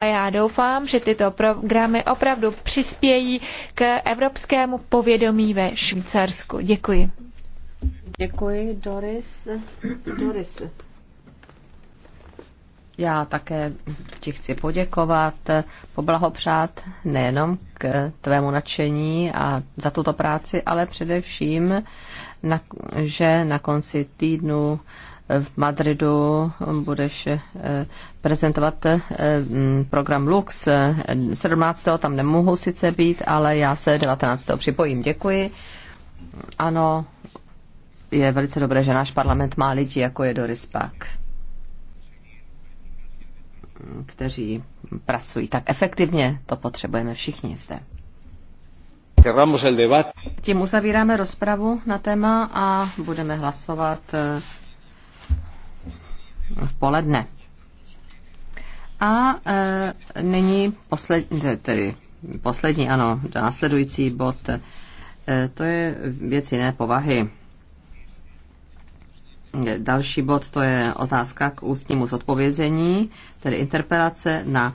A já doufám, že tyto programy opravdu přispějí k evropskému povědomí ve Švýcarsku. Děkuji. Děkuji, Doris. Doris. Já také ti chci poděkovat, poblahopřát nejenom k tvému nadšení a za tuto práci, ale především, na, že na konci týdnu v Madridu budeš eh, prezentovat eh, mm, program Lux. 17. tam nemohu sice být, ale já se 19. připojím. Děkuji. Ano, je velice dobré, že náš parlament má lidi, jako je Doris Park, kteří pracují tak efektivně. To potřebujeme všichni zde. Tím uzavíráme rozpravu na téma a budeme hlasovat eh, v poledne. A e, nyní poslední, tedy poslední, ano, následující bod, e, to je věc jiné povahy. Další bod to je otázka k ústnímu zodpovězení, tedy interpelace na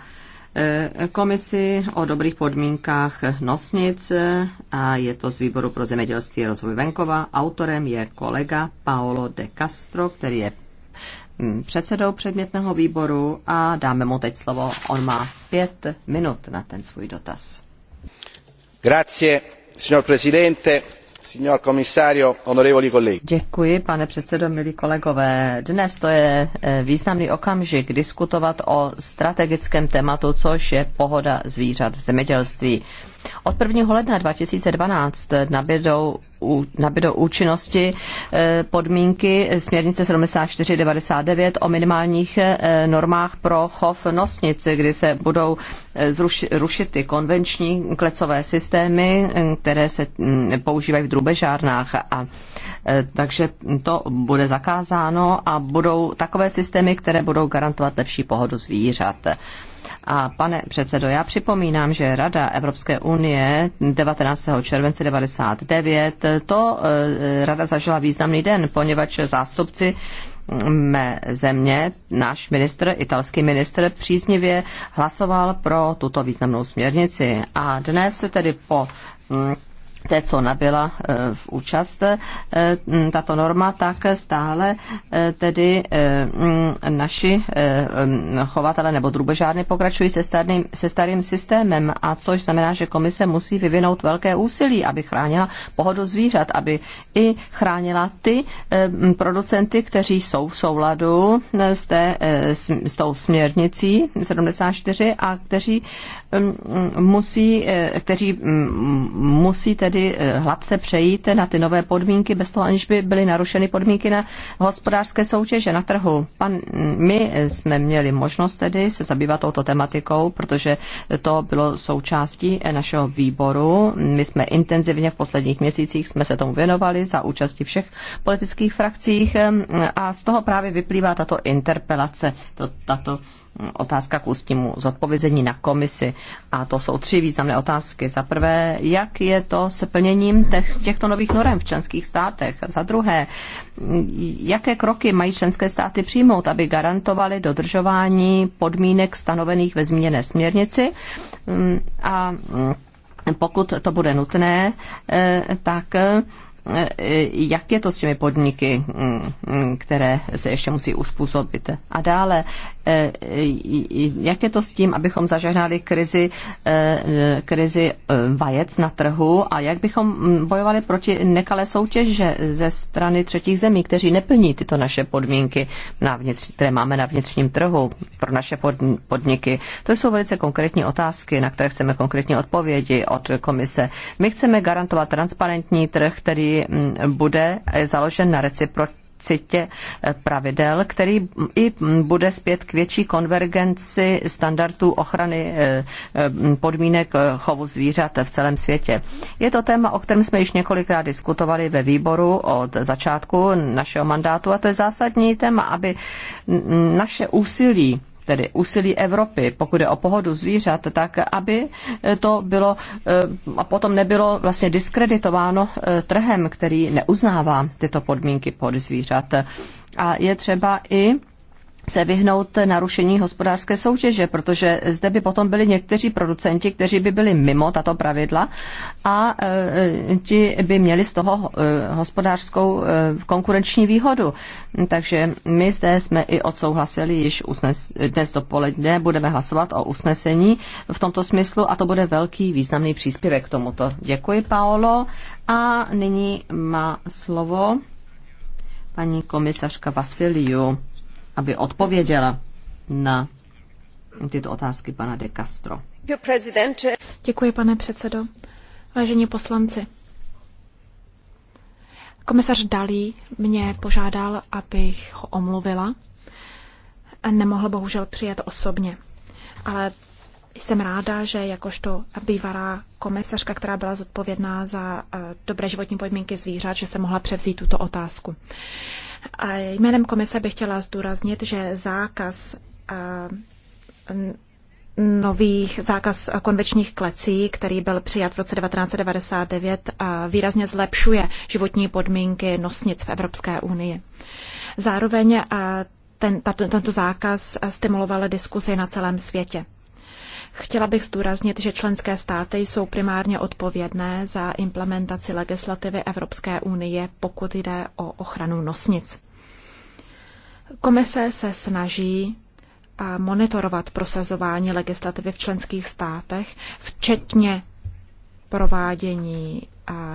e, komisi o dobrých podmínkách nosnic e, a je to z výboru pro zemědělství a rozvoj venkova. Autorem je kolega Paolo de Castro, který je Mm, předsedou předmětného výboru a dáme mu teď slovo. On má pět minut na ten svůj dotaz. Grazie, signor presidente. Signor commissario, onorevoli colleghi. Děkuji, pane předsedo, milí kolegové. Dnes to je eh, významný okamžik diskutovat o strategickém tématu, což je pohoda zvířat v zemědělství. Od 1. ledna 2012 nabídou nabydo účinnosti eh, podmínky směrnice 7499 o minimálních eh, normách pro chov nosnic, kdy se budou eh, rušit ty konvenční klecové systémy, které se mm, používají v drubežárnách. A, takže to bude zakázáno a budou takové systémy, které budou garantovat lepší pohodu zvířat. A pane předsedo, já připomínám, že Rada Evropské unie 19. července 1999, to eh, Rada zažila významný den, poněvadž zástupci mé země, náš ministr, italský ministr, příznivě hlasoval pro tuto významnou směrnici. A dnes tedy po hm, té, co nabyla eh, v účast eh, tato norma, tak stále eh, tedy naši chovatele nebo drubežárny pokračují se starým, se starým systémem, a což znamená, že komise musí vyvinout velké úsilí, aby chránila pohodu zvířat, aby i chránila ty producenty, kteří jsou v souladu s, té, s tou směrnicí 74 a kteří musí, kteří musí tedy tedy eh, hladce přejít na ty nové podmínky, bez toho aniž by byly narušeny podmínky na hospodářské soutěže na trhu. Pan, mm, my eh, jsme měli možnost tedy se zabývat touto tematikou, protože to bylo součástí eh, našeho výboru. My jsme intenzivně v posledních měsících jsme se tomu věnovali za účasti všech politických frakcích a z toho právě vyplývá tato interpelace, to, tato otázka k ústnímu zodpovězení na komisi. A to jsou tři významné otázky. Za prvé, jak je to s plněním těchto nových norem v členských státech? Za druhé, jaké kroky mají členské státy přijmout, aby garantovali dodržování podmínek stanovených ve změně směrnici? Mm, a mm, pokud to bude nutné, eh, tak eh, jak je to s těmi podniky, mm, které se ještě musí uspůsobit. A dále, Eh, eh, jak je to s tím, abychom zažehnali krizi, eh, krizi vajec na trhu a jak bychom mm, bojovali proti nekalé soutěže ze strany třetích zemí, kteří neplní tyto naše podmínky, na vnitř, které máme na vnitřním trhu pro naše podniky. To jsou velice konkrétní otázky, na které chceme konkrétní odpovědi od komise. My chceme garantovat transparentní trh, který mm, bude založen na reciprocitě citě eh, pravidel, který i bude zpět k větší konvergenci standardů ochrany eh, eh, podmínek chovu zvířat v celém světě. Je to téma, o kterém jsme již několikrát diskutovali ve výboru od začátku našeho mandátu a to je zásadní téma, aby naše úsilí tedy úsilí Evropy, pokud je o pohodu zvířat, tak aby eh, to bylo eh, a potom nebylo vlastně diskreditováno eh, trhem, který neuznává tyto podmínky pod zvířat. A je třeba i se vyhnout narušení hospodářské soutěže, protože zde by potom byli někteří producenti, kteří by byli mimo tato pravidla a e, ti by měli z toho e, hospodářskou e, konkurenční výhodu. Takže my zde jsme i odsouhlasili již usnes, dnes dopoledne, budeme hlasovat o usnesení v tomto smyslu a to bude velký významný příspěvek k tomuto. Děkuji, Paolo. A nyní má slovo paní komisařka Vasiliu aby odpověděla na tyto otázky pana de Castro. Děkuji, pane předsedo. Vážení poslanci, komisař Dalí mě požádal, abych ho omluvila. Nemohl bohužel přijet osobně, ale jsem ráda, že jakožto bývará komisařka, která byla zodpovědná za eh, dobré životní podmínky zvířat, že se mohla převzít tuto otázku. Jménem komise bych chtěla zdůraznit, že zákaz nových zákaz konvečních klecí, který byl přijat v roce 1999, výrazně zlepšuje životní podmínky nosnic v Evropské unii. Zároveň ten, tato, tento zákaz stimuloval diskusi na celém světě. Chtěla bych zdůraznit, že členské státy jsou primárně odpovědné za implementaci legislativy Evropské unie, pokud jde o ochranu nosnic. Komise se snaží monitorovat prosazování legislativy v členských státech, včetně provádění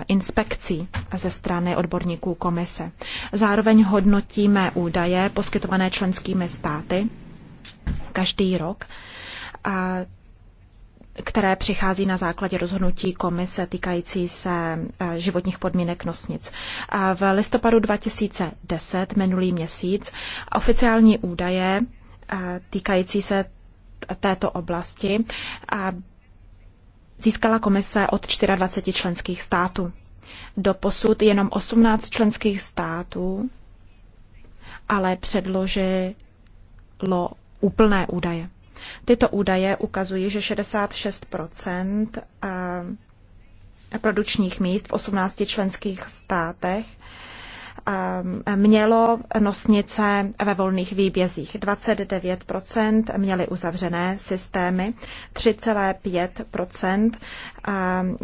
inspekcí ze strany odborníků komise. Zároveň hodnotíme údaje poskytované členskými státy každý rok. A které přichází na základě rozhodnutí komise týkající se eh, životních podmínek nosnic. V listopadu 2010, minulý měsíc, oficiální údaje eh, týkající se této oblasti získala komise od 24 členských států. do posud jenom 18 členských států ale předložilo úplné údaje. Tyto údaje ukazují, že 66 eh, produčních míst v 18 členských státech eh, mělo nosnice ve volných výbězích. 29 měly uzavřené systémy, 3,5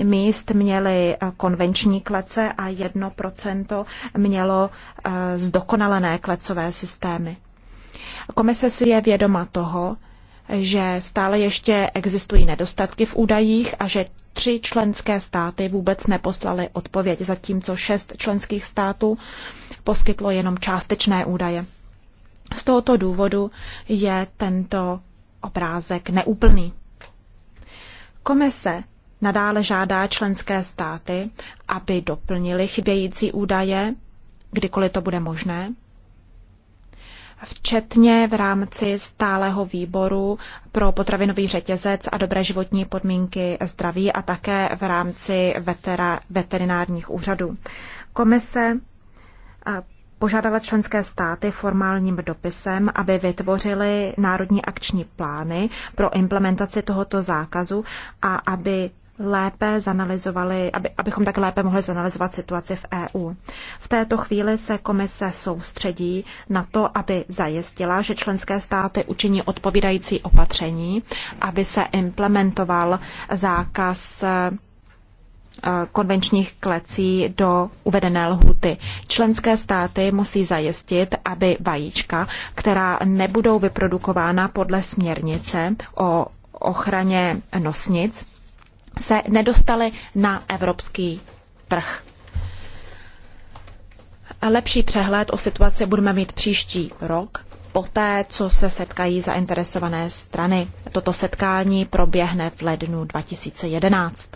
eh, míst měly konvenční klece a 1 mělo zdokonalené klecové systémy. Komise si je vědoma toho, že stále ještě existují nedostatky v údajích a že tři členské státy vůbec neposlaly odpověď, zatímco šest členských států poskytlo jenom částečné údaje. Z tohoto důvodu je tento obrázek neúplný. Komise nadále žádá členské státy, aby doplnili chybějící údaje, kdykoliv to bude možné, včetně v rámci stáleho výboru pro potravinový řetězec a dobré životní podmínky zdraví a také v rámci vetera, veterinárních úřadů. Komise eh, požádala členské státy formálním dopisem, aby vytvořili národní akční plány pro implementaci tohoto zákazu a aby lépe zanalizovali, aby, abychom tak lépe mohli zanalizovat situaci v EU. V této chvíli se komise soustředí na to, aby zajistila, že členské státy učiní odpovídající opatření, aby se implementoval zákaz eh, konvenčních klecí do uvedené lhuty. Členské státy musí zajistit, aby vajíčka, která nebudou vyprodukována podle směrnice o ochraně nosnic, se nedostaly na evropský trh. lepší přehled o situaci budeme mít příští rok, poté, co se setkají zainteresované strany. Toto setkání proběhne v lednu 2011.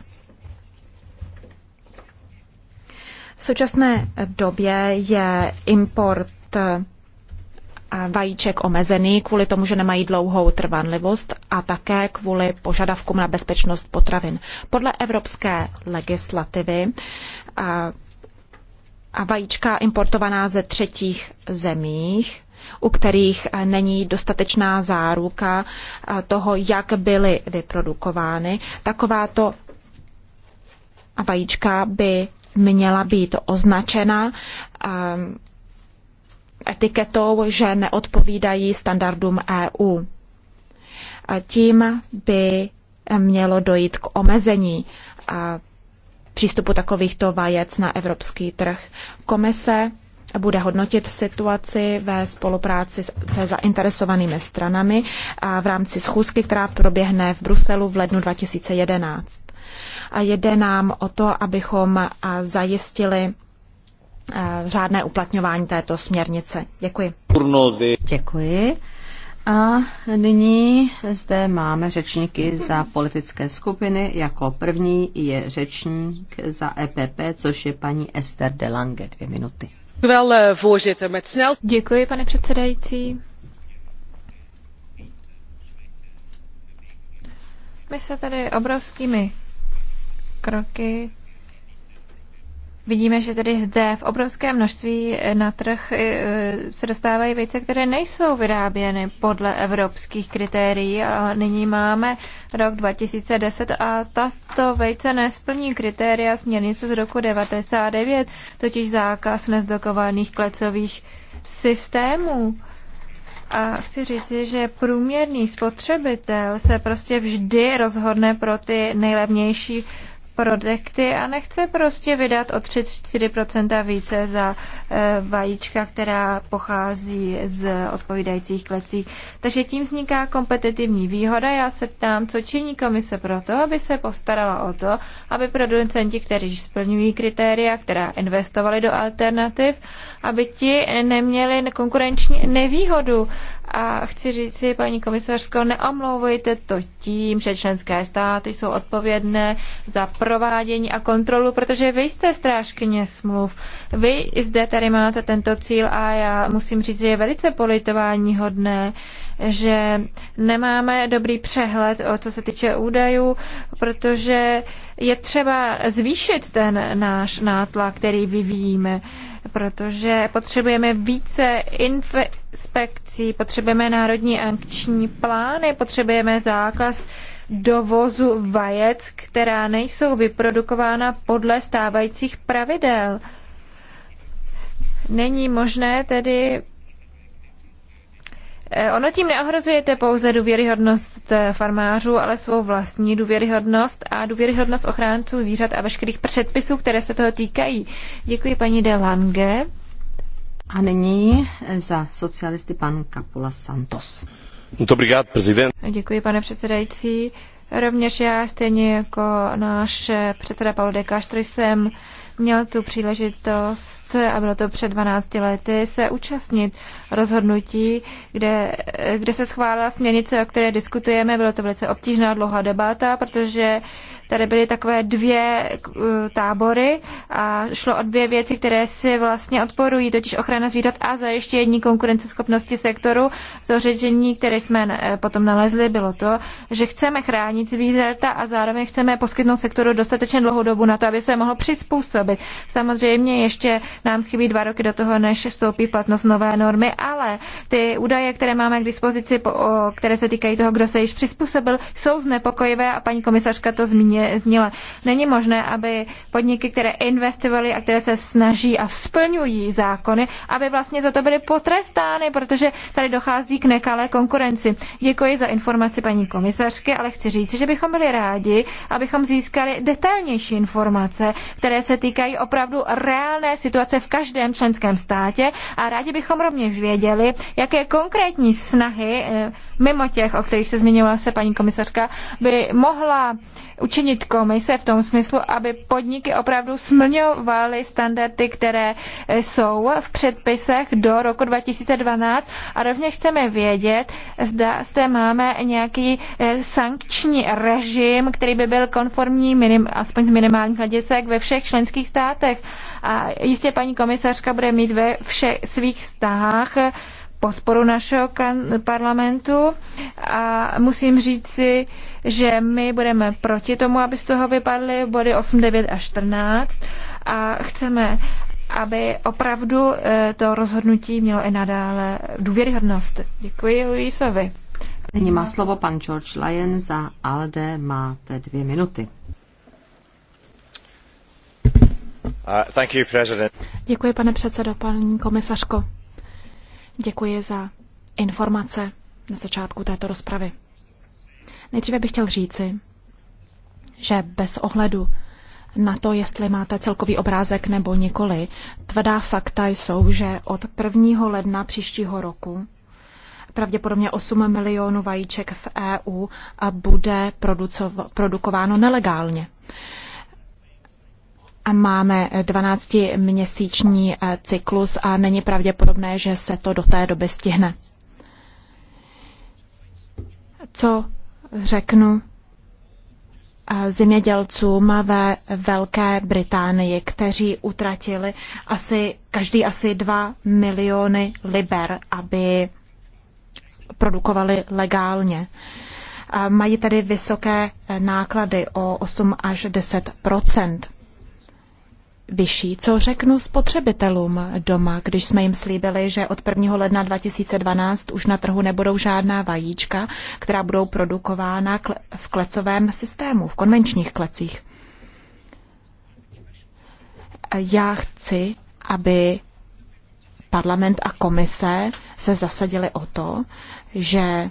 V současné době je import vajíček omezený kvůli tomu, že nemají dlouhou trvanlivost a také kvůli požadavkům na bezpečnost potravin. Podle evropské legislativy a, vajíčka importovaná ze třetích zemích u kterých není dostatečná záruka toho, jak byly vyprodukovány. Takováto vajíčka by měla být označena etiketou, že neodpovídají standardům EU. A tím by mělo dojít k omezení přístupu takovýchto vajec na evropský trh. Komise bude hodnotit situaci ve spolupráci se zainteresovanými stranami a v rámci schůzky, která proběhne v Bruselu v lednu 2011. A jede nám o to, abychom zajistili Eh, řádné uplatňování této směrnice. Děkuji. Děkuji. A nyní zde máme řečníky za politické skupiny. Jako první je řečník za EPP, což je paní Esther de Lange. Dvě minuty. Eh, Děkuji, pane předsedající. My se tady obrovskými kroky Vidíme, že tedy zde v obrovském množství na trh eh, se dostávají vejce, které nejsou vyráběny podle evropských kritérií a nyní máme rok 2010 a tato vejce nesplní kritéria směrnice z roku 99, totiž zákaz nezdokovaných klecových systémů. A chci říci, že průměrný spotřebitel se prostě vždy rozhodne pro ty nejlevnější produkty a nechce prostě vydat o 34% více za eh, vajíčka, která pochází z odpovídajících klecí. Takže tím vzniká kompetitivní výhoda. Já se ptám, co činí komise pro to, aby se postarala o to, aby producenti, kteří splňují kritéria, která investovali do alternativ, aby ti neměli konkurenční nevýhodu a chci říct si, paní komisařko, neomlouvejte to tím, že členské státy jsou odpovědné za provádění a kontrolu, protože vy jste strážkyně smluv. Vy zde tady máte tento cíl a já musím říct, že je velice politování hodné, že nemáme dobrý přehled o co se týče údajů, protože je třeba zvýšit ten náš nátlak, který vyvíjíme, protože potřebujeme více inspekcí, potřebujeme národní akční plány, potřebujeme zákaz dovozu vajec, která nejsou vyprodukována podle stávajících pravidel. Není možné tedy Eh, ono tím neohrozujete pouze důvěryhodnost eh, farmářů, ale svou vlastní důvěryhodnost a důvěryhodnost ochránců zvířat a veškerých předpisů, které se toho týkají. Děkuji paní De Lange. A nyní za socialisty pan Kapula Santos. prezident. Děkuji, pane předsedající. Rovněž já, stejně jako náš eh, předseda Paul de Castro, jsem měl tu příležitost a bylo to před 12 lety, se účastnit rozhodnutí, kde, kde se schválila směrnice, o které diskutujeme. Bylo to velice obtížná dlouhá debata, protože tady byly takové dvě eh, tábory a šlo o dvě věci, které si vlastně odporují, totiž ochrana zvířat a zajištění konkurenceschopnosti sektoru. Zořečení, které jsme eh, potom nalezli, bylo to, že chceme chránit zvířata a zároveň chceme poskytnout sektoru dostatečně dlouhou dobu na to, aby se mohlo přizpůsobit. Samozřejmě ještě nám chybí dva roky do toho, než vstoupí v platnost nové normy, ale ty údaje, které máme k dispozici, které se týkají toho, kdo se již přizpůsobil, jsou znepokojivé a paní komisařka to zmínila. Není možné, aby podniky, které investovaly a které se snaží a splňují zákony, aby vlastně za to byly potrestány, protože tady dochází k nekalé konkurenci. Děkuji za informaci paní komisařky, ale chci říct, že bychom byli rádi, abychom získali detailnější informace, které se týkají opravdu reálné situace situace v každém členském státě a rádi bychom rovněž věděli, jaké konkrétní snahy, eh, mimo těch, o kterých se zmiňovala se paní komisařka, by mohla učinit komise v tom smyslu, aby podniky opravdu smlňovaly standardy, které eh, jsou v předpisech do roku 2012 a rovněž chceme vědět, zda zde máme nějaký eh, sankční režim, který by byl konformní minim, aspoň z minimálních hledisek ve všech členských státech. A jistě paní komisařka bude mít ve všech svých stahách podporu našeho parlamentu a musím říci, že my budeme proti tomu, aby z toho vypadly body 8, 9 a 14 a chceme, aby opravdu eh, to rozhodnutí mělo i nadále důvěryhodnost. Děkuji Luisovi. Nyní má slovo pan George Lyon za ALDE, máte dvě minuty. Uh, Děkuji, pane předsedo, paní komisařko. Děkuji za informace na začátku této rozpravy. Nejdříve bych chtěl říci, že bez ohledu na to, jestli máte celkový obrázek nebo nikoli, tvrdá fakta jsou, že od 1. ledna příštího roku pravděpodobně 8 milionů vajíček v EU bude produkováno nelegálně máme 12-měsíční eh, cyklus a není pravděpodobné, že se to do té doby stihne. Co řeknu eh, zemědělcům ve Velké Británii, kteří utratili asi, každý asi 2 miliony liber, aby produkovali legálně. Mají tedy vysoké eh, náklady o 8 až 10 vyšší, co řeknu spotřebitelům doma, když jsme jim slíbili, že od 1. ledna 2012 už na trhu nebudou žádná vajíčka, která budou produkována v klecovém systému, v konvenčních klecích. Já chci, aby parlament a komise se zasadili o to, že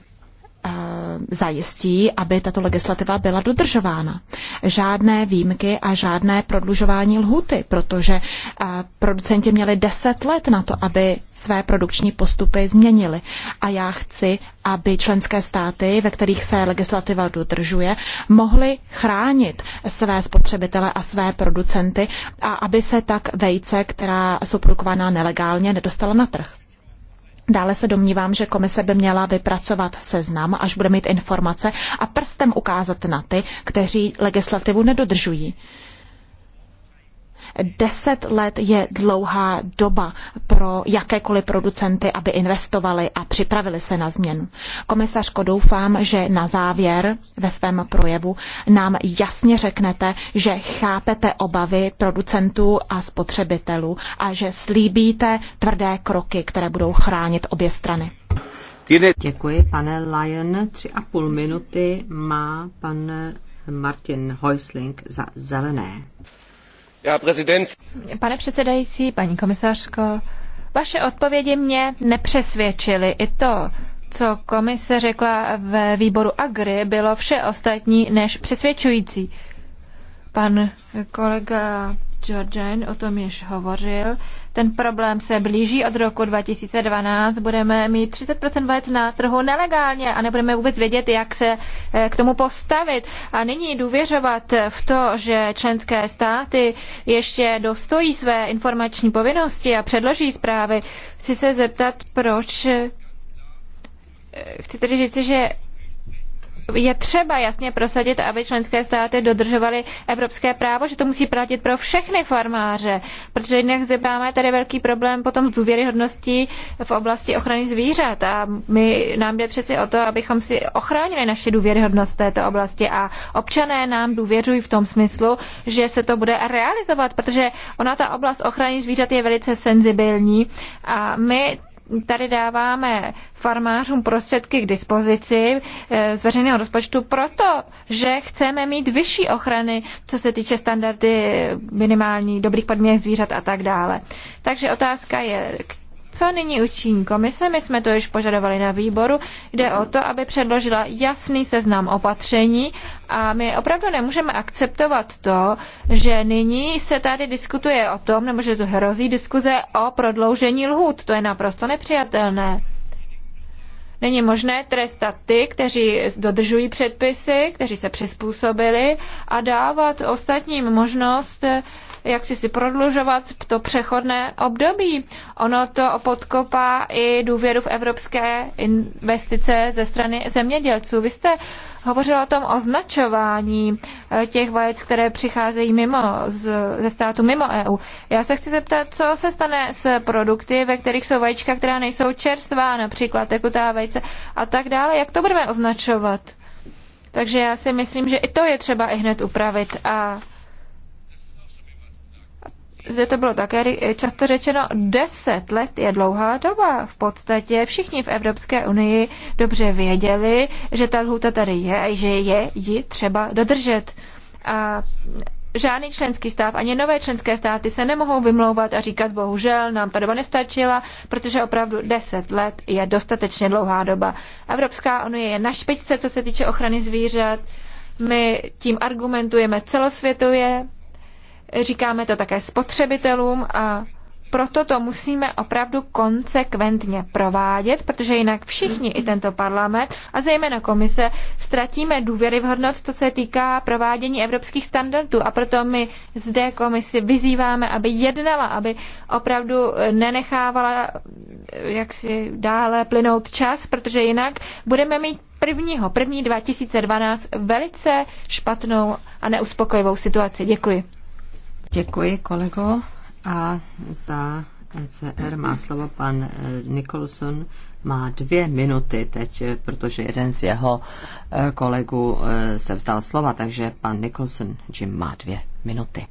Eh, zajistí, aby tato legislativa byla dodržována. Žádné výjimky a žádné prodlužování lhuty, protože eh, producenti měli deset let na to, aby své produkční postupy změnili. A já chci, aby členské státy, ve kterých se legislativa dodržuje, mohly chránit své spotřebitele a své producenty a aby se tak vejce, která jsou produkovaná nelegálně, nedostala na trh. Dále se domnívám, že komise by měla vypracovat seznam, až bude mít informace a prstem ukázat na ty, kteří legislativu nedodržují. Deset let je dlouhá doba pro jakékoliv producenty, aby investovali a připravili se na změnu. Komisařko, doufám, že na závěr ve svém projevu nám jasně řeknete, že chápete obavy producentů a spotřebitelů a že slíbíte tvrdé kroky, které budou chránit obě strany. Děkuji, pane Tři a půl minuty má pan Martin Heusling za zelené. Pane předsedající, paní komisařko, vaše odpovědi mě nepřesvědčily. I to, co komise řekla ve výboru Agri, bylo vše ostatní než přesvědčující. Pan kolega Georgian o tom již hovořil. Ten problém se blíží od roku 2012. Budeme mít 30% vajec na trhu nelegálně a nebudeme vůbec vědět, jak se eh, k tomu postavit. A nyní důvěřovat v to, že členské státy ještě dostojí své informační povinnosti a předloží zprávy. Chci se zeptat, proč eh, Chci tedy říct, že je třeba jasně prosadit, aby členské státy dodržovaly evropské právo, že to musí platit pro všechny farmáře, protože jinak zde máme tady velký problém potom s důvěryhodností v oblasti ochrany zvířat a my, nám jde přeci o to, abychom si ochránili naši důvěryhodnost této oblasti a občané nám důvěřují v tom smyslu, že se to bude realizovat, protože ona ta oblast ochrany zvířat je velice senzibilní a my tady dáváme farmářům prostředky k dispozici eh, z veřejného rozpočtu protože chceme mít vyšší ochrany, co se týče standardy minimální dobrých podmínek zvířat a tak dále. Takže otázka je, k co nyní učiní komise? My jsme to již požadovali na výboru. Jde o to, aby předložila jasný seznam opatření a my opravdu nemůžeme akceptovat to, že nyní se tady diskutuje o tom, nebo že to hrozí diskuze o prodloužení lhůt. To je naprosto nepřijatelné. Není možné trestat ty, kteří dodržují předpisy, kteří se přizpůsobili a dávat ostatním možnost jak si si prodlužovat to přechodné období. Ono to podkopá i důvěru v evropské investice ze strany zemědělců. Vy jste hovořil o tom označování eh, těch vajec, které přicházejí mimo, z, ze státu mimo EU. Já se chci zeptat, co se stane s produkty, ve kterých jsou vajíčka, která nejsou čerstvá, například tekutá vejce a tak dále. Jak to budeme označovat? Takže já si myslím, že i to je třeba i hned upravit. A že to bylo také často řečeno, deset let je dlouhá doba. V podstatě všichni v Evropské unii dobře věděli, že ta lhůta tady je a že je ji třeba dodržet. A žádný členský stát, ani nové členské státy se nemohou vymlouvat a říkat, bohužel nám ta doba nestačila, protože opravdu deset let je dostatečně dlouhá doba. Evropská unie je na špičce, co se týče ochrany zvířat. My tím argumentujeme celosvětově, říkáme to také spotřebitelům a proto to musíme opravdu konsekventně provádět, protože jinak všichni, i tento parlament a zejména komise, ztratíme důvěryhodnost, co se týká provádění evropských standardů. A proto my zde komisi vyzýváme, aby jednala, aby opravdu nenechávala jak si dále plynout čas, protože jinak budeme mít prvního, první 2012 velice špatnou a neuspokojivou situaci. Děkuji. Děkuji, kolego. A za ECR má slovo pan eh, Nicholson. Má dvě minuty teď, protože jeden z jeho eh, kolegů eh, se vzdal slova, takže pan Nicholson, Jim, má dvě minuty.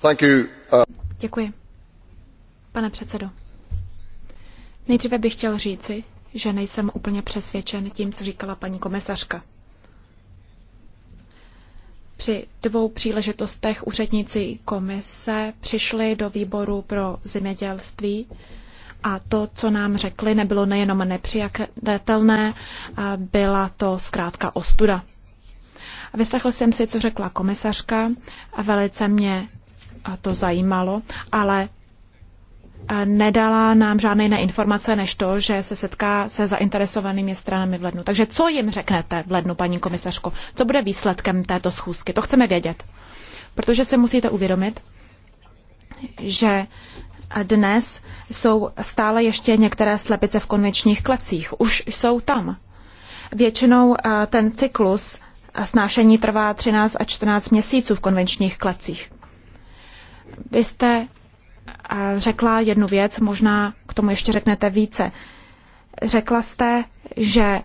Thank you. Uh, Děkuji. Pane předsedo, nejdříve bych chtěl říci, že nejsem úplně přesvědčen tím, co říkala paní komisařka. Při dvou příležitostech úředníci komise přišli do výboru pro zemědělství a to, co nám řekli, nebylo nejenom nepřijatelné, byla to zkrátka ostuda. Vyslechl jsem si, co řekla komisařka a velice mě to zajímalo, ale nedala nám žádné jiné informace než to, že se setká se zainteresovanými stranami v lednu. Takže co jim řeknete v lednu, paní komisařko? Co bude výsledkem této schůzky? To chceme vědět. Protože se musíte uvědomit, že dnes jsou stále ještě některé slepice v konvenčních klecích. Už jsou tam. Většinou eh, ten cyklus eh, snášení trvá 13 a 14 měsíců v konvenčních klecích. Vy jste řekla jednu věc, možná k tomu ještě řeknete více. Řekla jste, že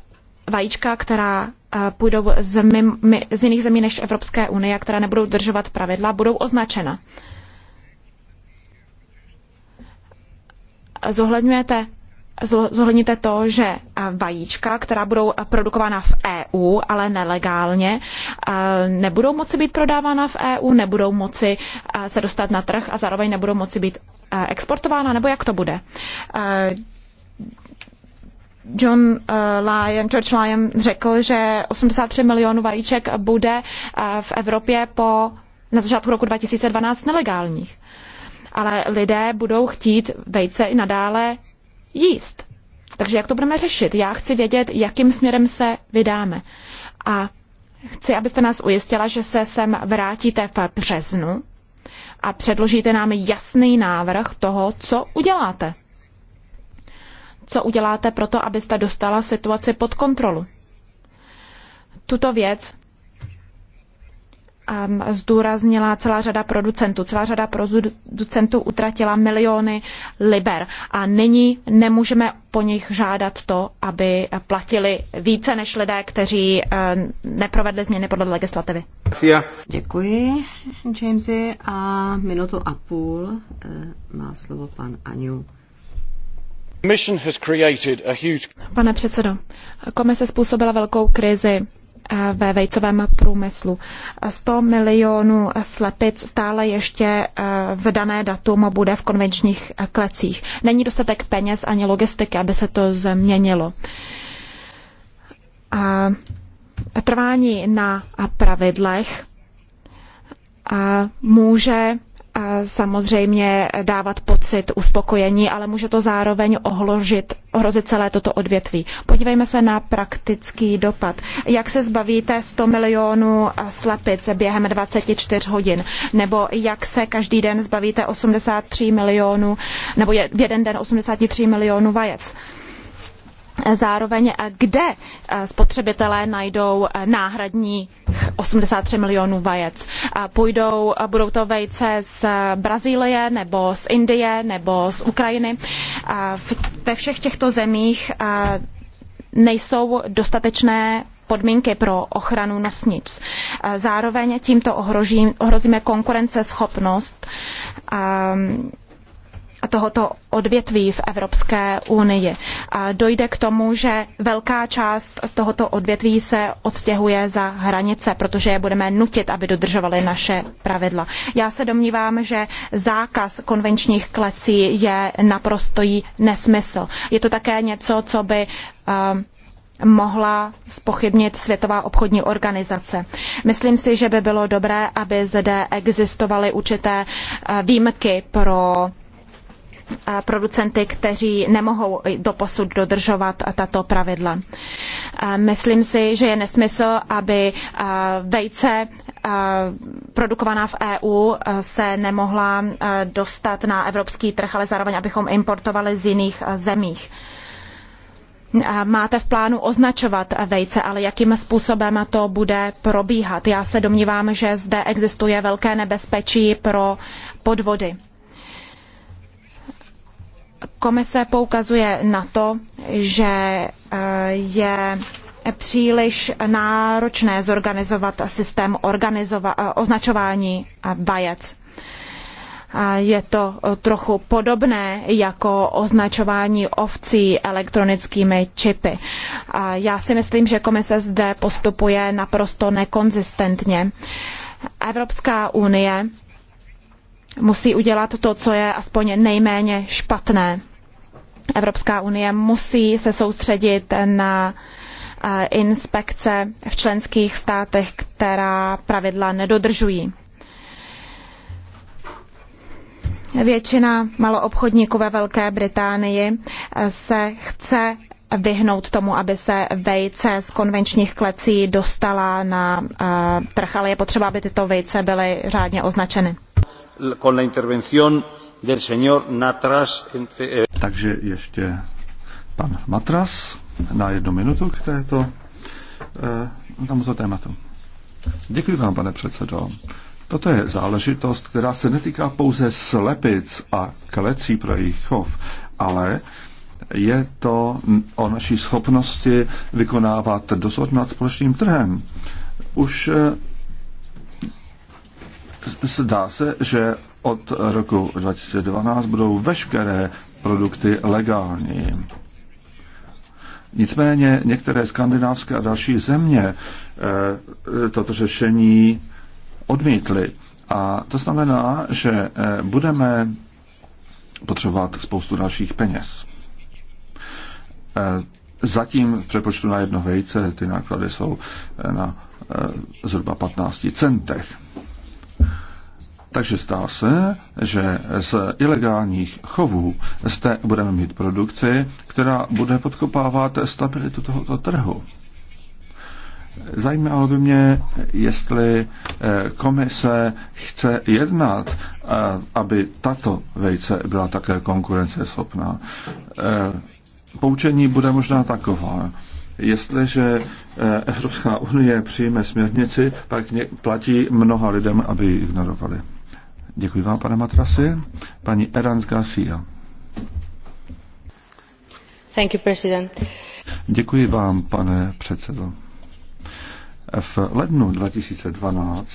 vajíčka, která eh, půjdou z, mim, z jiných zemí než Evropské unie která nebudou držovat pravidla, budou označena. Zohledňujete Zohledněte to, že eh, vajíčka, která budou eh, produkována v EU, ale nelegálně, eh, nebudou moci být prodávána v EU, nebudou moci se dostat na trh a zároveň nebudou moci být exportována, nebo jak to bude? John Lyon, George Lyon řekl, že 83 milionů vajíček bude v Evropě po na začátku roku 2012 nelegálních. Ale lidé budou chtít vejce i nadále jíst. Takže jak to budeme řešit? Já chci vědět, jakým směrem se vydáme. A chci, abyste nás ujistila, že se sem vrátíte v březnu a předložíte nám jasný návrh toho, co uděláte. Co uděláte proto, abyste dostala situaci pod kontrolu. Tuto věc zdůraznila celá řada producentů. Celá řada producentů utratila miliony liber a nyní nemůžeme po nich žádat to, aby platili více než lidé, kteří eh, neprovedli změny podle legislativy. Děkuji, Jamesy. A minutu a půl eh, má slovo pan Aňu. Pane předsedo, komise způsobila velkou krizi ve vejcovém průmyslu. 100 milionů slepic stále ještě e, v dané datum bude v konvenčních e, klecích. Není dostatek peněz ani logistiky, aby se to změnilo. A trvání na pravidlech a může e, samozřejmě dávat pocit uspokojení, ale může to zároveň ohložit ohrozit celé toto odvětví. Podívejme se na praktický dopad. Jak se zbavíte 100 milionů slepic během 24 hodin? Nebo jak se každý den zbavíte 83 milionů, nebo v jeden den 83 milionů vajec? zároveň kde eh, spotřebitelé najdou eh, náhradní 83 milionů vajec. Půjdou, eh, budou to vejce z Brazílie nebo z Indie nebo z Ukrajiny. Ve všech těchto zemích nejsou dostatečné podmínky pro ochranu nosnic. Zároveň tímto ohrožím, ohrozíme konkurenceschopnost ehm, tohoto odvětví v Evropské unii. Dojde k tomu, že velká část tohoto odvětví se odstěhuje za hranice, protože je budeme nutit, aby dodržovali naše pravidla. Já se domnívám, že zákaz konvenčních klecí je naprostý nesmysl. Je to také něco, co by eh, mohla spochybnit Světová obchodní organizace. Myslím si, že by bylo dobré, aby zde existovaly určité eh, výjimky pro producenty, kteří nemohou doposud dodržovat tato pravidla. Myslím si, že je nesmysl, aby vejce produkovaná v EU se nemohla dostat na evropský trh, ale zároveň abychom importovali z jiných zemích. Máte v plánu označovat vejce, ale jakým způsobem to bude probíhat? Já se domnívám, že zde existuje velké nebezpečí pro podvody. Komise poukazuje na to, že eh, je příliš náročné zorganizovat systém organizova- eh, označování vajec. Je to eh, trochu podobné jako označování ovcí elektronickými čipy. Já si myslím, že komise zde postupuje naprosto nekonzistentně. Evropská unie musí udělat to, co je aspoň nejméně špatné. Evropská unie musí se soustředit na eh, inspekce v členských státech, která pravidla nedodržují. Většina maloobchodníků ve Velké Británii eh, se chce vyhnout tomu, aby se vejce z konvenčních klecí dostala na eh, trh, ale je potřeba, aby tyto vejce byly řádně označeny. Eh, Takže ještě pan Matras na jednu minutu k této, k eh, tomuto tématu. Děkuji vám, pane předsedo. Toto je záležitost, která se netýká pouze slepic a klecí pro jejich chov, ale je to o naší schopnosti vykonávat dozor nad společným trhem. Už eh, Zdá se, že od roku 2012 budou veškeré produkty legální. Nicméně některé skandinávské a další země eh, toto řešení odmítly. A to znamená, že eh, budeme potřebovat spoustu dalších peněz. Eh, zatím v přepočtu na jedno vejce ty náklady jsou na zhruba 15 centech. Takže zdá se, že z ilegálních chovů zde budeme mít produkci, která bude podkopávat stabilitu tohoto trhu. Zajímalo by mě, jestli eh, komise chce jednat, eh, aby tato vejce byla také konkurenceschopná. Eh, poučení bude možná taková. Jestliže Evropská unie přijme směrnici, pak platí mnoha lidem, aby ji ignorovali. Děkuji vám, pane Matrasy. Paní Erans Garcia. Thank you, president. Děkuji vám, pane předsedo. V lednu 2012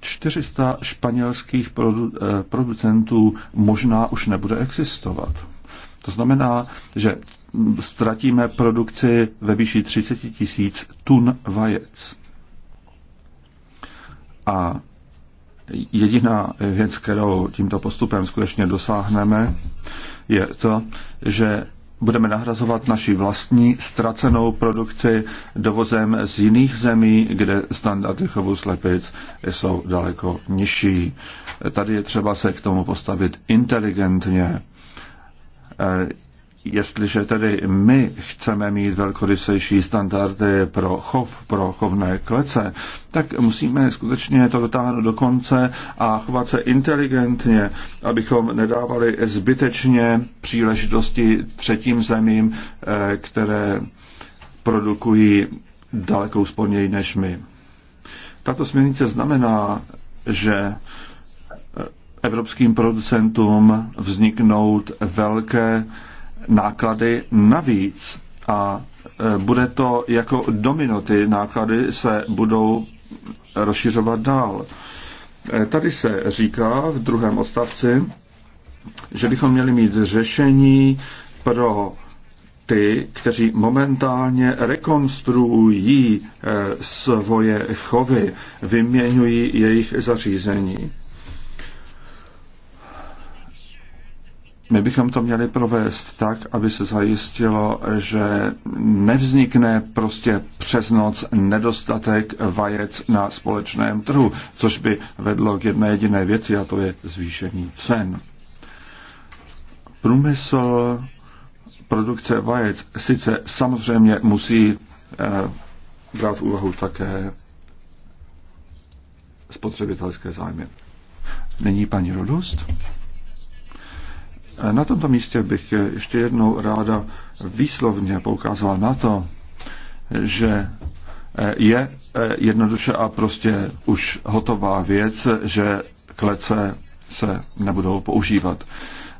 400 španělských produ- eh, producentů možná už nebude existovat. To znamená, že ztratíme produkci ve výši 30 tisíc tun vajec. A jediná věc, kterou tímto postupem skutečně dosáhneme, je to, že budeme nahrazovat naši vlastní ztracenou produkci dovozem z jiných zemí, kde standardy chovu slepic jsou daleko nižší. Tady je třeba se k tomu postavit inteligentně Jestliže tedy my chceme mít velkorysejší standardy pro chov, pro chovné klece, tak musíme skutečně to dotáhnout do konce a chovat se inteligentně, abychom nedávali zbytečně příležitosti třetím zemím, eh, které produkují daleko úsporněji než my. Tato směrnice znamená, že eh, evropským producentům vzniknout velké náklady navíc a e, bude to jako domino, ty náklady se budou rozšiřovat dál. E, tady se říká v druhém odstavci, že bychom měli mít řešení pro ty, kteří momentálně rekonstruují e, svoje chovy, vyměňují jejich zařízení. My bychom to měli provést tak, aby se zajistilo, že nevznikne prostě přes noc nedostatek vajec na společném trhu, což by vedlo k jedné jediné věci, a to je zvýšení cen. Průmysl produkce vajec sice samozřejmě musí eh, brát v úvahu také spotřebitelské zájmy. Není paní Rodust? Na tomto místě bych ještě jednou ráda výslovně poukázal na to, že eh, je eh, jednoduše a prostě už hotová věc, že klece se nebudou používat.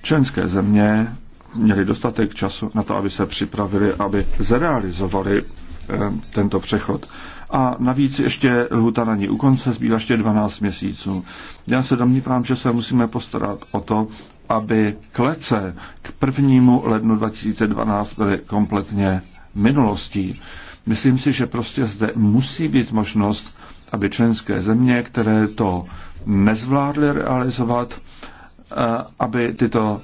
Členské země měli dostatek času na to, aby se připravili, aby zrealizovali eh, tento přechod. A navíc ještě lhuta na ní u konce zbývá ještě 12 měsíců. Já se domnívám, že se musíme postarat o to, aby klece k prvnímu lednu 2012 byly kompletně minulostí. Myslím si, že prostě zde musí být možnost, aby členské země, které to nezvládly realizovat, eh, aby tyto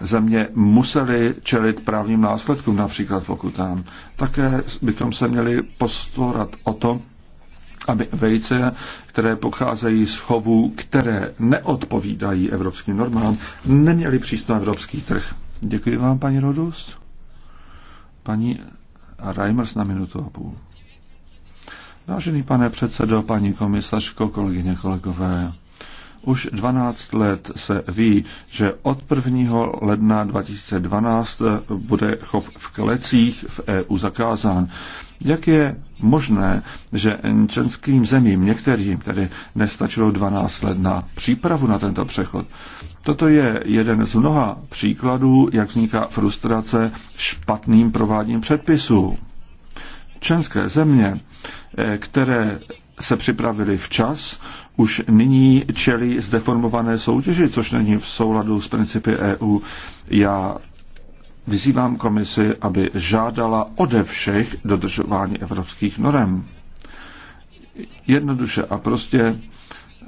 země musely čelit právním následkům, například pokud tam, Také bychom se měli postorat o to, aby vejce, které pocházejí z chovů, které neodpovídají evropským normám, neměly přístup na evropský trh. Děkuji vám, paní Rodust. Paní Reimers na minutu a půl. Vážený pane předsedo, paní komisařko, kolegyně, kolegové, už 12 let se ví, že od 1. ledna 2012 bude chov v klecích v EU zakázán. Jak je možné, že členským zemím, některým, tedy nestačilo 12 let na přípravu na tento přechod? Toto je jeden z mnoha příkladů, jak vzniká frustrace špatným prováděním předpisů. Členské země, eh, které se připravili včas, už nyní čelí zdeformované soutěži, což není v souladu s principy EU. Já Vyzývám komisi, aby žádala ode všech dodržování evropských norem. Jednoduše a prostě eh,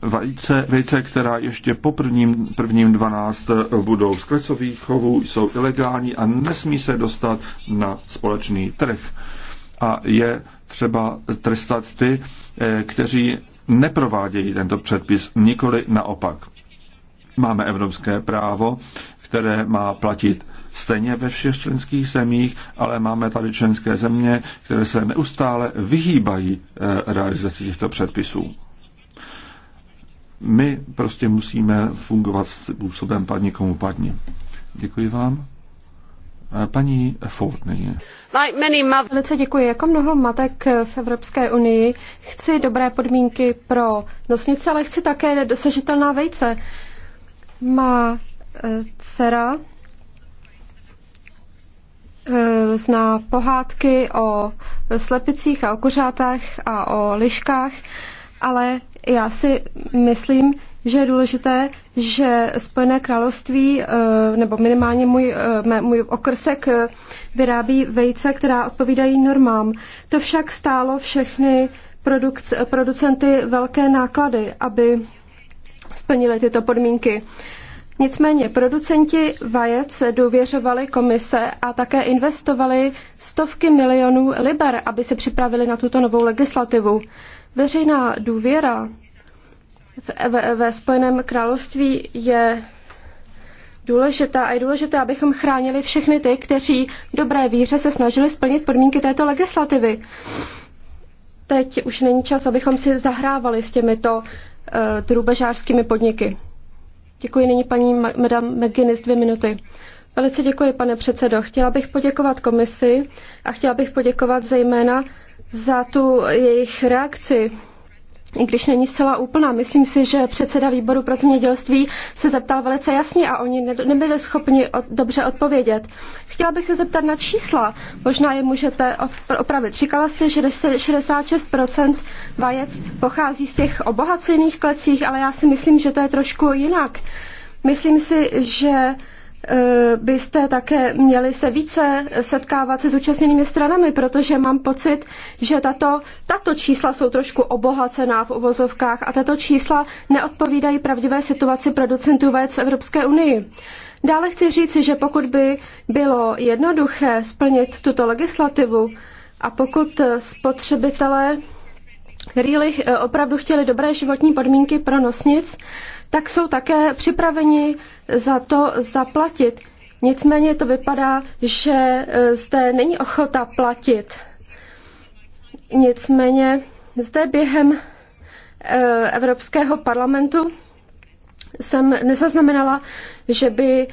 vajíce, vejce, která ještě po prvním, prvním 12 eh, budou z klecových chovů, jsou ilegální a nesmí se dostat na společný trh. A je třeba trestat ty, eh, kteří neprovádějí tento předpis, nikoli naopak. Máme evropské právo, které má platit stejně ve všech členských zemích, ale máme tady členské země, které se neustále vyhýbají eh, realizaci těchto předpisů. My prostě musíme fungovat způsobem padni komu padni. Děkuji vám. Eh, paní Ford nyní. Velice děkuji. Jako mnoho matek v Evropské unii chci dobré podmínky pro nosnice, ale chci také dosažitelná vejce. Má eh, dcera Eh, zná pohádky o slepicích a o kuřátách a o liškách, ale já si myslím, že je důležité, že Spojené království, eh, nebo minimálně můj, eh, můj okrsek, vyrábí vejce, která odpovídají normám. To však stálo všechny produc- producenty velké náklady, aby splnili tyto podmínky. Nicméně producenti vajec důvěřovali komise a také investovali stovky milionů liber, aby se připravili na tuto novou legislativu. Veřejná důvěra ve, Spojeném království je důležitá a je důležité, abychom chránili všechny ty, kteří v dobré víře se snažili splnit podmínky této legislativy. Teď už není čas, abychom si zahrávali s těmito uh, eh, drůbežářskými podniky. Děkuji nyní paní Madame McGuinness dvě minuty. Velice děkuji, pane předsedo. Chtěla bych poděkovat komisi a chtěla bych poděkovat zejména za tu jejich reakci i když není zcela úplná. Myslím si, že předseda výboru pro zemědělství se zeptal velice jasně a oni nebyli schopni od, dobře odpovědět. Chtěla bych se zeptat na čísla, možná je můžete opravit. Říkala jste, že 66% vajec pochází z těch obohacených klecích, ale já si myslím, že to je trošku jinak. Myslím si, že Eh, byste také měli se více setkávat se zúčastněnými stranami, protože mám pocit, že tato, tato čísla jsou trošku obohacená v uvozovkách a tato čísla neodpovídají pravdivé situaci producentů vajec v Evropské unii. Dále chci říci, že pokud by bylo jednoduché splnit tuto legislativu a pokud spotřebitelé kteří eh, opravdu chtěli dobré životní podmínky pro nosnic, tak jsou také připraveni za to zaplatit. Nicméně to vypadá, že eh, zde není ochota platit. Nicméně zde během eh, Evropského parlamentu jsem nezaznamenala, že by,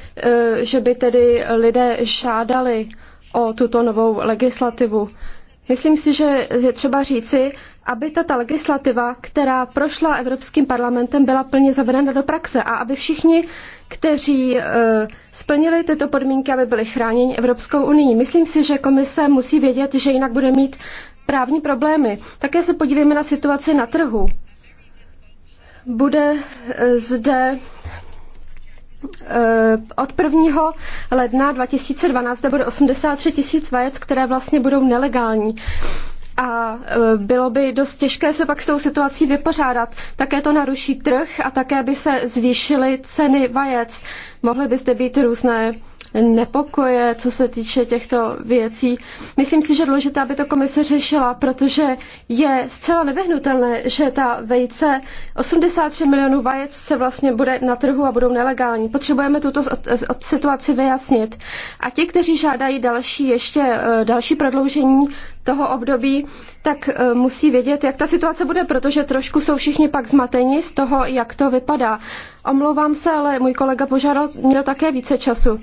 že by tedy lidé žádali o tuto novou legislativu. Myslím si, že je třeba říci, aby tato legislativa, která prošla Evropským parlamentem, byla plně zavedena do praxe a aby všichni, kteří eh, splnili tyto podmínky, aby byli chráněni Evropskou unii. Myslím si, že komise musí vědět, že jinak bude mít právní problémy. Také se podívejme na situaci na trhu. Bude eh, zde od 1. ledna 2012 zde bude 83 tisíc vajec, které vlastně budou nelegální. A e, bylo by dost těžké se pak s tou situací vypořádat. Také to naruší trh a také by se zvýšily ceny vajec. Mohly by zde být různé nepokoje, co se týče těchto věcí. Myslím si, že důležité, aby to komise řešila, protože je zcela nevyhnutelné, že ta vejce 83 milionů vajec se vlastně bude na trhu a budou nelegální. Potřebujeme tuto situaci vyjasnit. A ti, kteří žádají další ještě eh, další prodloužení toho období, tak eh, musí vědět, jak ta situace bude, protože trošku jsou všichni pak zmateni z toho, jak to vypadá. Omlouvám se, ale můj kolega požádal, měl také více času.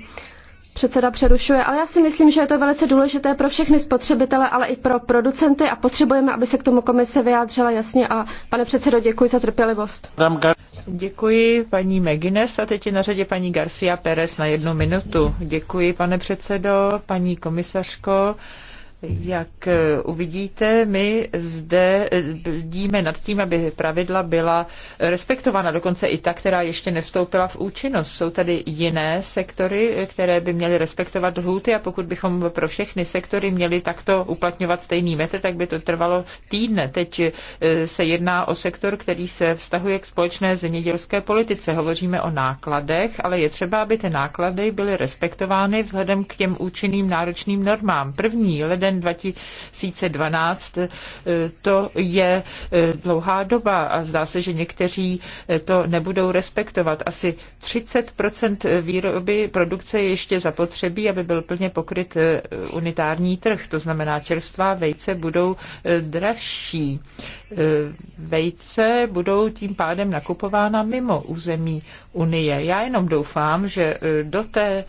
Předseda přerušuje, ale já si myslím, že je to velice důležité pro všechny spotřebitele, ale i pro producenty a potřebujeme, aby se k tomu komise vyjádřila jasně. A pane předsedo, děkuji za trpělivost. Děkuji paní Megines a teď je na řadě paní Garcia Pérez na jednu minutu. Děkuji, pane předsedo, paní komisařko. Jak eh, uvidíte, my zde eh, bdíme nad tím, aby pravidla byla respektována, dokonce i ta, která ještě nevstoupila v účinnost. Jsou tady jiné sektory, eh, které by měly respektovat lhůty a pokud bychom pro všechny sektory měli takto uplatňovat stejný metr, tak by to trvalo týdne. Teď se jedná o sektor, který se vztahuje k společné zemědělské politice. Hovoříme o nákladech, ale je třeba, aby ty náklady byly respektovány vzhledem k těm účinným náročným normám. První leden leden 2012, eh, to je eh, dlouhá doba a zdá se, že někteří eh, to nebudou respektovat. Asi 30 výroby produkce je ještě zapotřebí, aby byl plně pokryt unitární trh. To znamená, čerstvá vejce budou dražší. Vejce budou tím pádem nakupována mimo území Unie. Já jenom doufám, že do té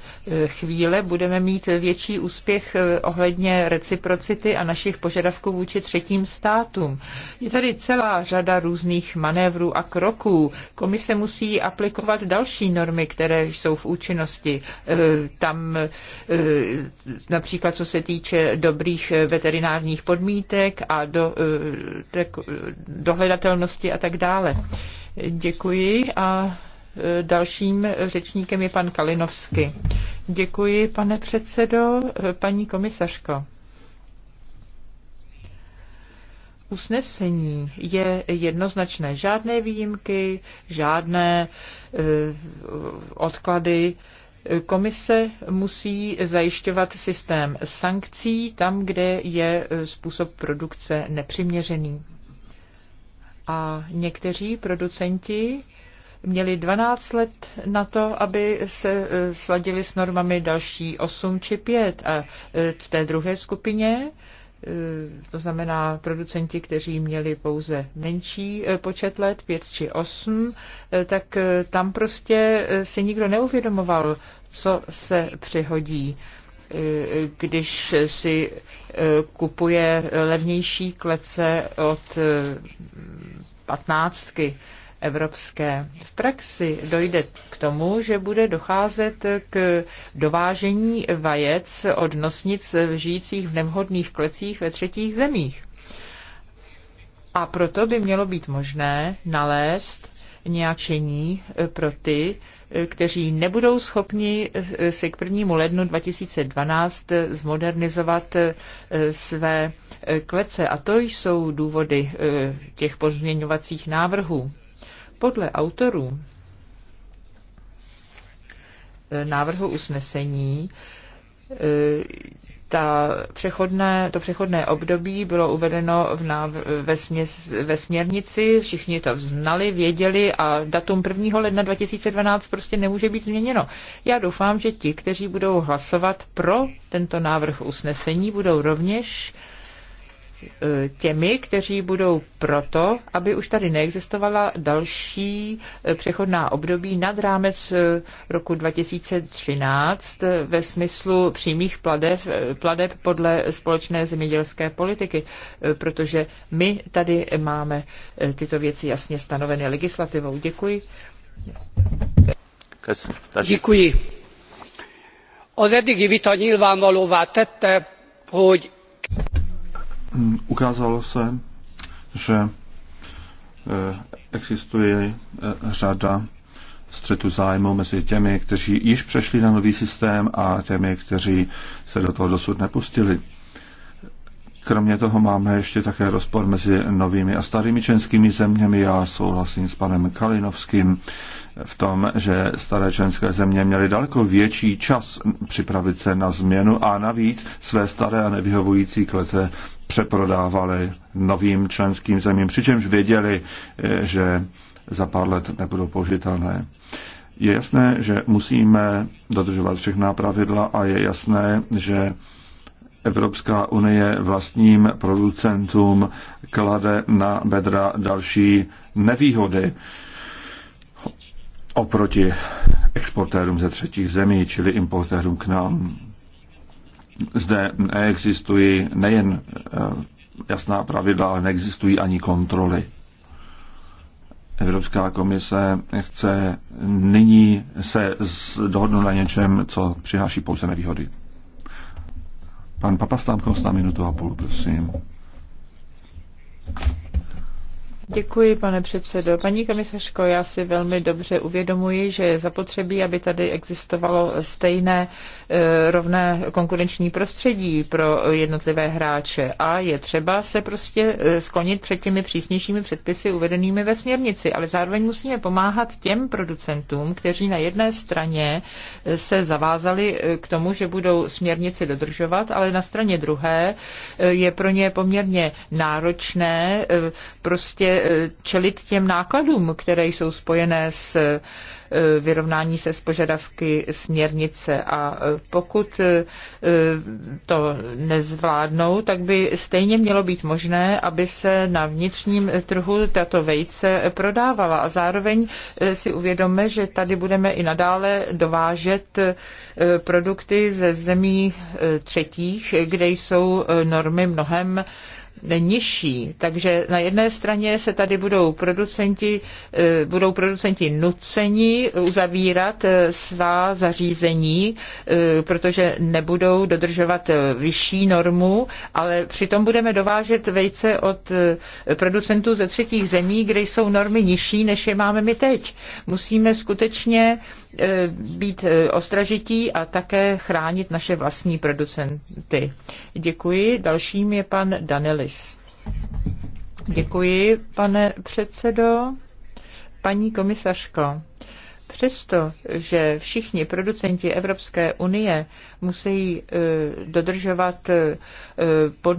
chvíle budeme mít větší úspěch ohledně recyklace reciprocity a našich požadavků vůči třetím státům. Je tady celá řada různých manévrů a kroků. Komise musí aplikovat další normy, které jsou v účinnosti. E, tam e, například co se týče dobrých e, veterinárních podmítek a do, tak, dohledatelnosti a tak dále. Děkuji a dalším řečníkem je pan Kalinovský. Děkuji, pane předsedo, paní komisařko. usnesení je jednoznačné. Žádné výjimky, žádné eh, odklady. Komise musí zajišťovat systém sankcí tam, kde je eh, způsob produkce nepřiměřený. A někteří producenti měli 12 let na to, aby se eh, sladili s normami další 8 či 5. A v té druhé skupině Eh, to znamená producenti, kteří měli pouze menší eh, počet let, pět či osm, eh, tak tam prostě si nikdo neuvědomoval, co se přihodí, když si kupuje levnější klece od patnáctky evropské. V praxi dojde k tomu, že bude docházet k dovážení vajec od nosnic žijících v nevhodných klecích ve třetích zemích. A proto by mělo být možné nalézt nějakšení pro ty, kteří nebudou schopni si k 1. lednu 2012 zmodernizovat eh, své eh, klece. A to jsou důvody eh, těch pozměňovacích návrhů. Podle autorů eh, návrhu usnesení eh, ta přechodné, to přechodné období bylo uvedeno v náv- ve, směs, ve směrnici, všichni to znali, věděli a datum 1. ledna 2012 prostě nemůže být změněno. Já doufám, že ti, kteří budou hlasovat pro tento návrh usnesení, budou rovněž těmi, kteří budou proto, aby už tady neexistovala další eh, přechodná období nad rámec eh, roku 2013 eh, ve smyslu přímých pladeb, pladeb podle společné zemědělské politiky, protože my tady máme tyto věci jasně stanoveny legislativou. Děkuji. Děkuji. Az eddigi vita nyilvánvalóvá tette, hogy Mm, ukázalo se, že eh, existuje eh, řada střetu zájmu mezi těmi, kteří již přešli na nový systém a těmi, kteří se do toho dosud nepustili. Kromě toho máme ještě také rozpor mezi novými a starými členskými zeměmi. Já souhlasím s panem Kalinovským v tom, že staré členské země měly daleko větší čas připravit se na změnu a navíc své staré a nevyhovující klece přeprodávali novým členským zemím, přičemž věděli, eh, že za pár let nebudou použitelné. Je jasné, že musíme dodržovat všechna pravidla a je jasné, že Evropská unie vlastním producentům klade na bedra další nevýhody oproti exportérům ze třetích zemí, čili importérům k nám zde neexistují nejen e, jasná pravidla, ale neexistují ani kontroly. Evropská komise chce nyní se dohodnout na něčem, co přináší pouze nevýhody. Pan Papastámko, na minutu a půl, prosím. Děkuji, pane předsedo. Paní komisařko, já si velmi dobře uvědomuji, že je zapotřebí, aby tady existovalo stejné eh, rovné konkurenční prostředí pro jednotlivé hráče a je třeba se prostě eh, sklonit před těmi přísnějšími předpisy uvedenými ve směrnici, ale zároveň musíme pomáhat těm producentům, kteří na jedné straně eh, se zavázali k tomu, že budou směrnici dodržovat, ale na straně druhé je pro ně poměrně náročné prostě čelit těm nákladům, které jsou spojené s eh, vyrovnání se s požadavky směrnice a eh, pokud eh, to nezvládnou, tak by stejně mělo být možné, aby se na vnitřním trhu tato vejce prodávala a zároveň si uvědomme, že tady budeme i nadále dovážet produkty ze zemí třetích, kde jsou normy mnohem nižší. Takže na jedné straně se tady budou producenti, eh, budou producenti nuceni uzavírat eh, svá zařízení, eh, protože nebudou dodržovat vyšší normu, ale přitom budeme dovážet vejce od producentů ze třetích zemí, kde jsou normy nižší, než je máme my teď. Musíme skutečně Eh, být eh, ostražití a také chránit naše vlastní producenty. Děkuji. Dalším je pan Danelis. Děkuji, pane předsedo. Paní komisařko, Přesto, že všichni producenti Evropské unie musí e, dodržovat e,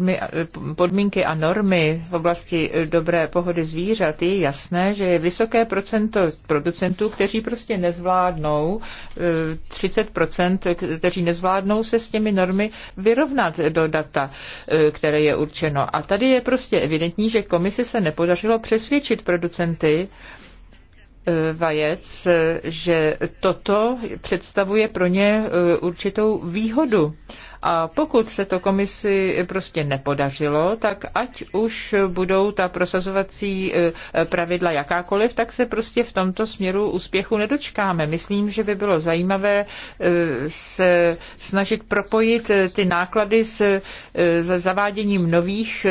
e, podmínky a normy v oblasti dobré pohody zvířat, je jasné, že je vysoké procento producentů, kteří prostě nezvládnou, 30%, kteří nezvládnou se s těmi normy vyrovnat do data, které je určeno. A tady je prostě evidentní, že komisi se nepodařilo přesvědčit producenty, vajec, že toto představuje pro ně eh, určitou výhodu a pokud se to komisi prostě nepodařilo, tak ať už budou ta prosazovací e, pravidla jakákoliv, tak se prostě v tomto směru úspěchu nedočkáme. Myslím, že by bylo zajímavé e, se snažit propojit e, ty náklady s, zaváděním nových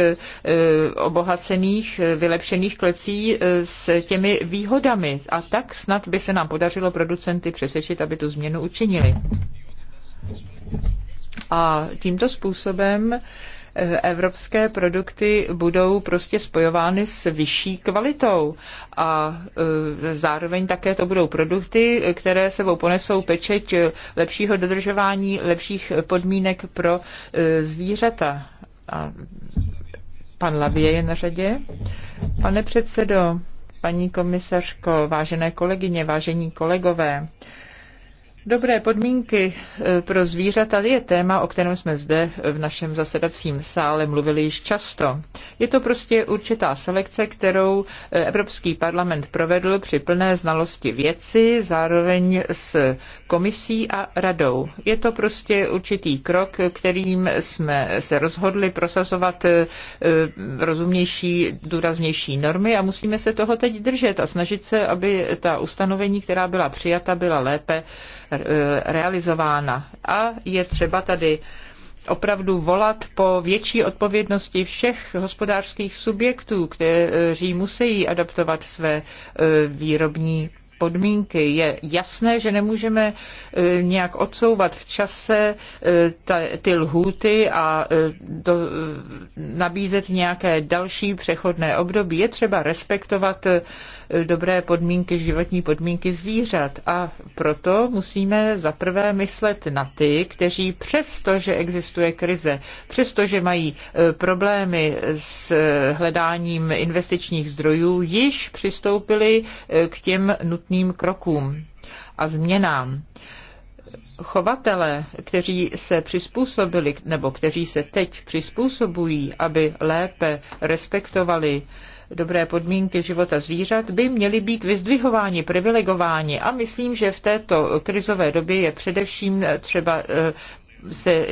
obohacených, vylepšených klecí s těmi výhodami. A tak snad by se nám podařilo producenty přesvědčit, aby tu změnu učinili. A tímto způsobem eh, evropské produkty budou prostě spojovány s vyšší kvalitou a eh, zároveň také to budou produkty, které sebou ponesou pečeť lepšího dodržování, lepších podmínek pro eh, zvířata. A pan Lavie je na řadě. Pane předsedo, paní komisařko, vážené kolegyně, vážení kolegové, Dobré podmínky eh, pro zvířata je téma, o kterém jsme zde v našem zasedacím sále mluvili již často. Je to prostě určitá selekce, kterou eh, Evropský parlament provedl při plné znalosti věci, zároveň s komisí a radou. Je to prostě určitý krok, kterým jsme se rozhodli prosazovat eh, rozumnější, důraznější normy a musíme se toho teď držet a snažit se, aby ta ustanovení, která byla přijata, byla lépe realizována. A je třeba tady opravdu volat po větší odpovědnosti všech hospodářských subjektů, kteří musí adaptovat své e, výrobní podmínky. Je jasné, že nemůžeme e, nějak odsouvat v čase e, ty lhůty a do, nabízet nějaké další přechodné období. Je třeba respektovat dobré podmínky, životní podmínky zvířat. A proto musíme zaprvé myslet na ty, kteří přesto, že existuje krize, přesto, že mají e, problémy s e, hledáním investičních zdrojů, již přistoupili e, k těm nutným krokům a změnám chovatele, kteří se přizpůsobili nebo kteří se teď přizpůsobují, aby lépe respektovali dobré podmínky života zvířat, by měly být vyzdvihováni, privilegováni. A myslím, že v této krizové době je především třeba eh, se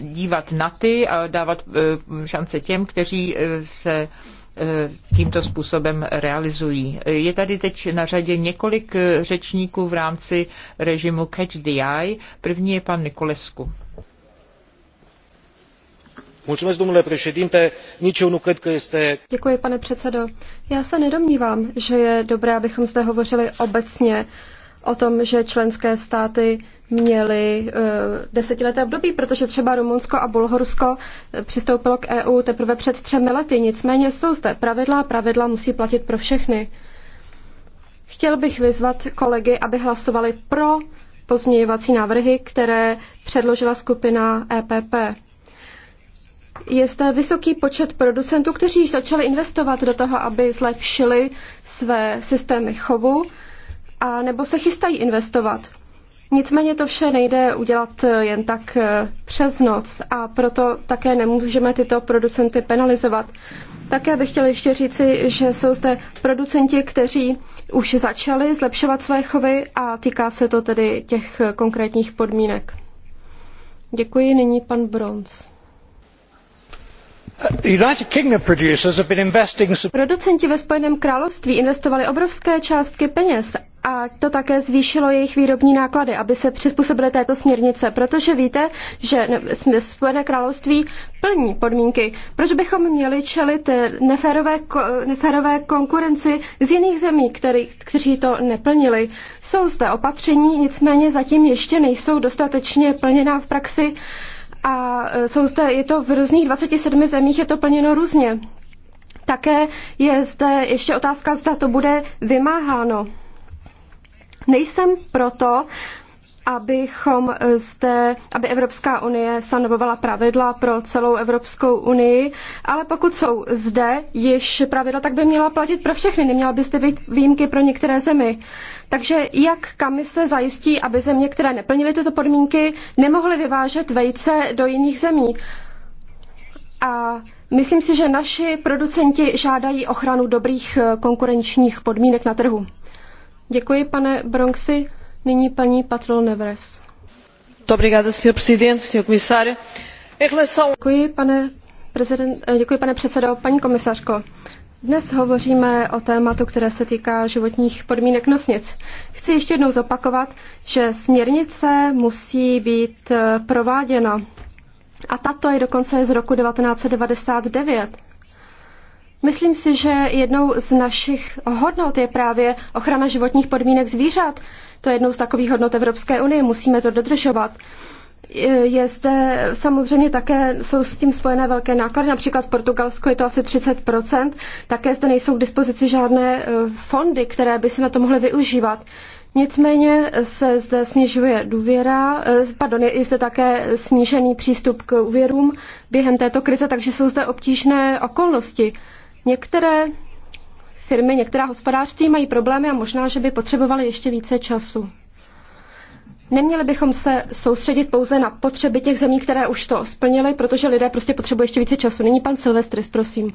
dívat na ty a dávat eh, šance těm, kteří eh, se tímto způsobem realizují. Je tady teď na řadě několik řečníků v rámci režimu Catch the Eye. První je pan Nikolesku pane předsedo. Já se nedomnívám, že je dobré, abychom zde hovořili obecně o tom, že členské státy měly eh, desetileté období, protože třeba Rumunsko a bulharsko eh, přistoupily k EU teprve před třemi lety. Nicméně jsou zde pravidla a pravidla musí platit pro všechny. Chtěl bych vyzvat kolegy, aby hlasovali pro pozměňovací návrhy, které předložila skupina EPP je zde vysoký počet producentů, kteří již začali investovat do toho, aby zlepšili své systémy chovu, a nebo se chystají investovat. Nicméně to vše nejde udělat eh, jen tak eh, přes noc a proto také nemůžeme tyto producenty penalizovat. Také bych chtěla ještě říci, že jsou zde producenti, kteří už začali zlepšovat své chovy a týká se to tedy těch eh, konkrétních podmínek. Děkuji, nyní pan Bronz. Producenti ve Spojeném království investovali obrovské částky peněz a to také zvýšilo jejich výrobní náklady, aby se přizpůsobili této směrnice, protože víte, že jsme Spojené království plní podmínky. Proč bychom měli čelit eh, neférové, neférové konkurenci z jiných zemí, který, kteří to neplnili? Jsou zde opatření, nicméně zatím ještě nejsou dostatečně plněná v praxi. Uh, a e, jsou zde, je to v různých 27 zemích, je to plněno různě. Také je zde ještě otázka, zda to bude vymáháno. Nejsem proto, abychom zde, aby Evropská unie stanovovala pravidla pro celou Evropskou unii, ale pokud jsou zde již pravidla, tak by měla platit pro všechny, neměla by zde být výjimky pro některé zemi. Takže jak kamise zajistí, aby země, které neplnily tyto podmínky, nemohly vyvážet vejce do jiných zemí? A myslím si, že naši producenti žádají ochranu dobrých konkurenčních podmínek na trhu. Děkuji, pane Bronxy. Nyní paní Patrol Neves. Děkuji, pane, prezident, eh, děkuji, pane předsedo. Paní komisařko, dnes hovoříme o tématu, které se týká životních podmínek nosnic. Chci ještě jednou zopakovat, že směrnice musí být eh, prováděna. A tato je dokonce z roku 1999. Myslím si, že jednou z našich hodnot je právě ochrana životních podmínek zvířat. To je jednou z takových hodnot Evropské unie, musíme to dodržovat. Je zde samozřejmě také, jsou s tím spojené velké náklady, například v Portugalsku je to asi 30%, také zde nejsou k dispozici žádné e, fondy, které by se na to mohly využívat. Nicméně se zde snižuje důvěra, e, pardon, je zde také snížený přístup k úvěrům během této krize, takže jsou zde obtížné okolnosti. Některé firmy, některá hospodářství mají problémy a možná, že by potřebovaly ještě více času. Neměli bychom se soustředit pouze na potřeby těch zemí, které už to splnily, protože lidé prostě potřebují ještě více času. Nyní pan Silvestris, prosím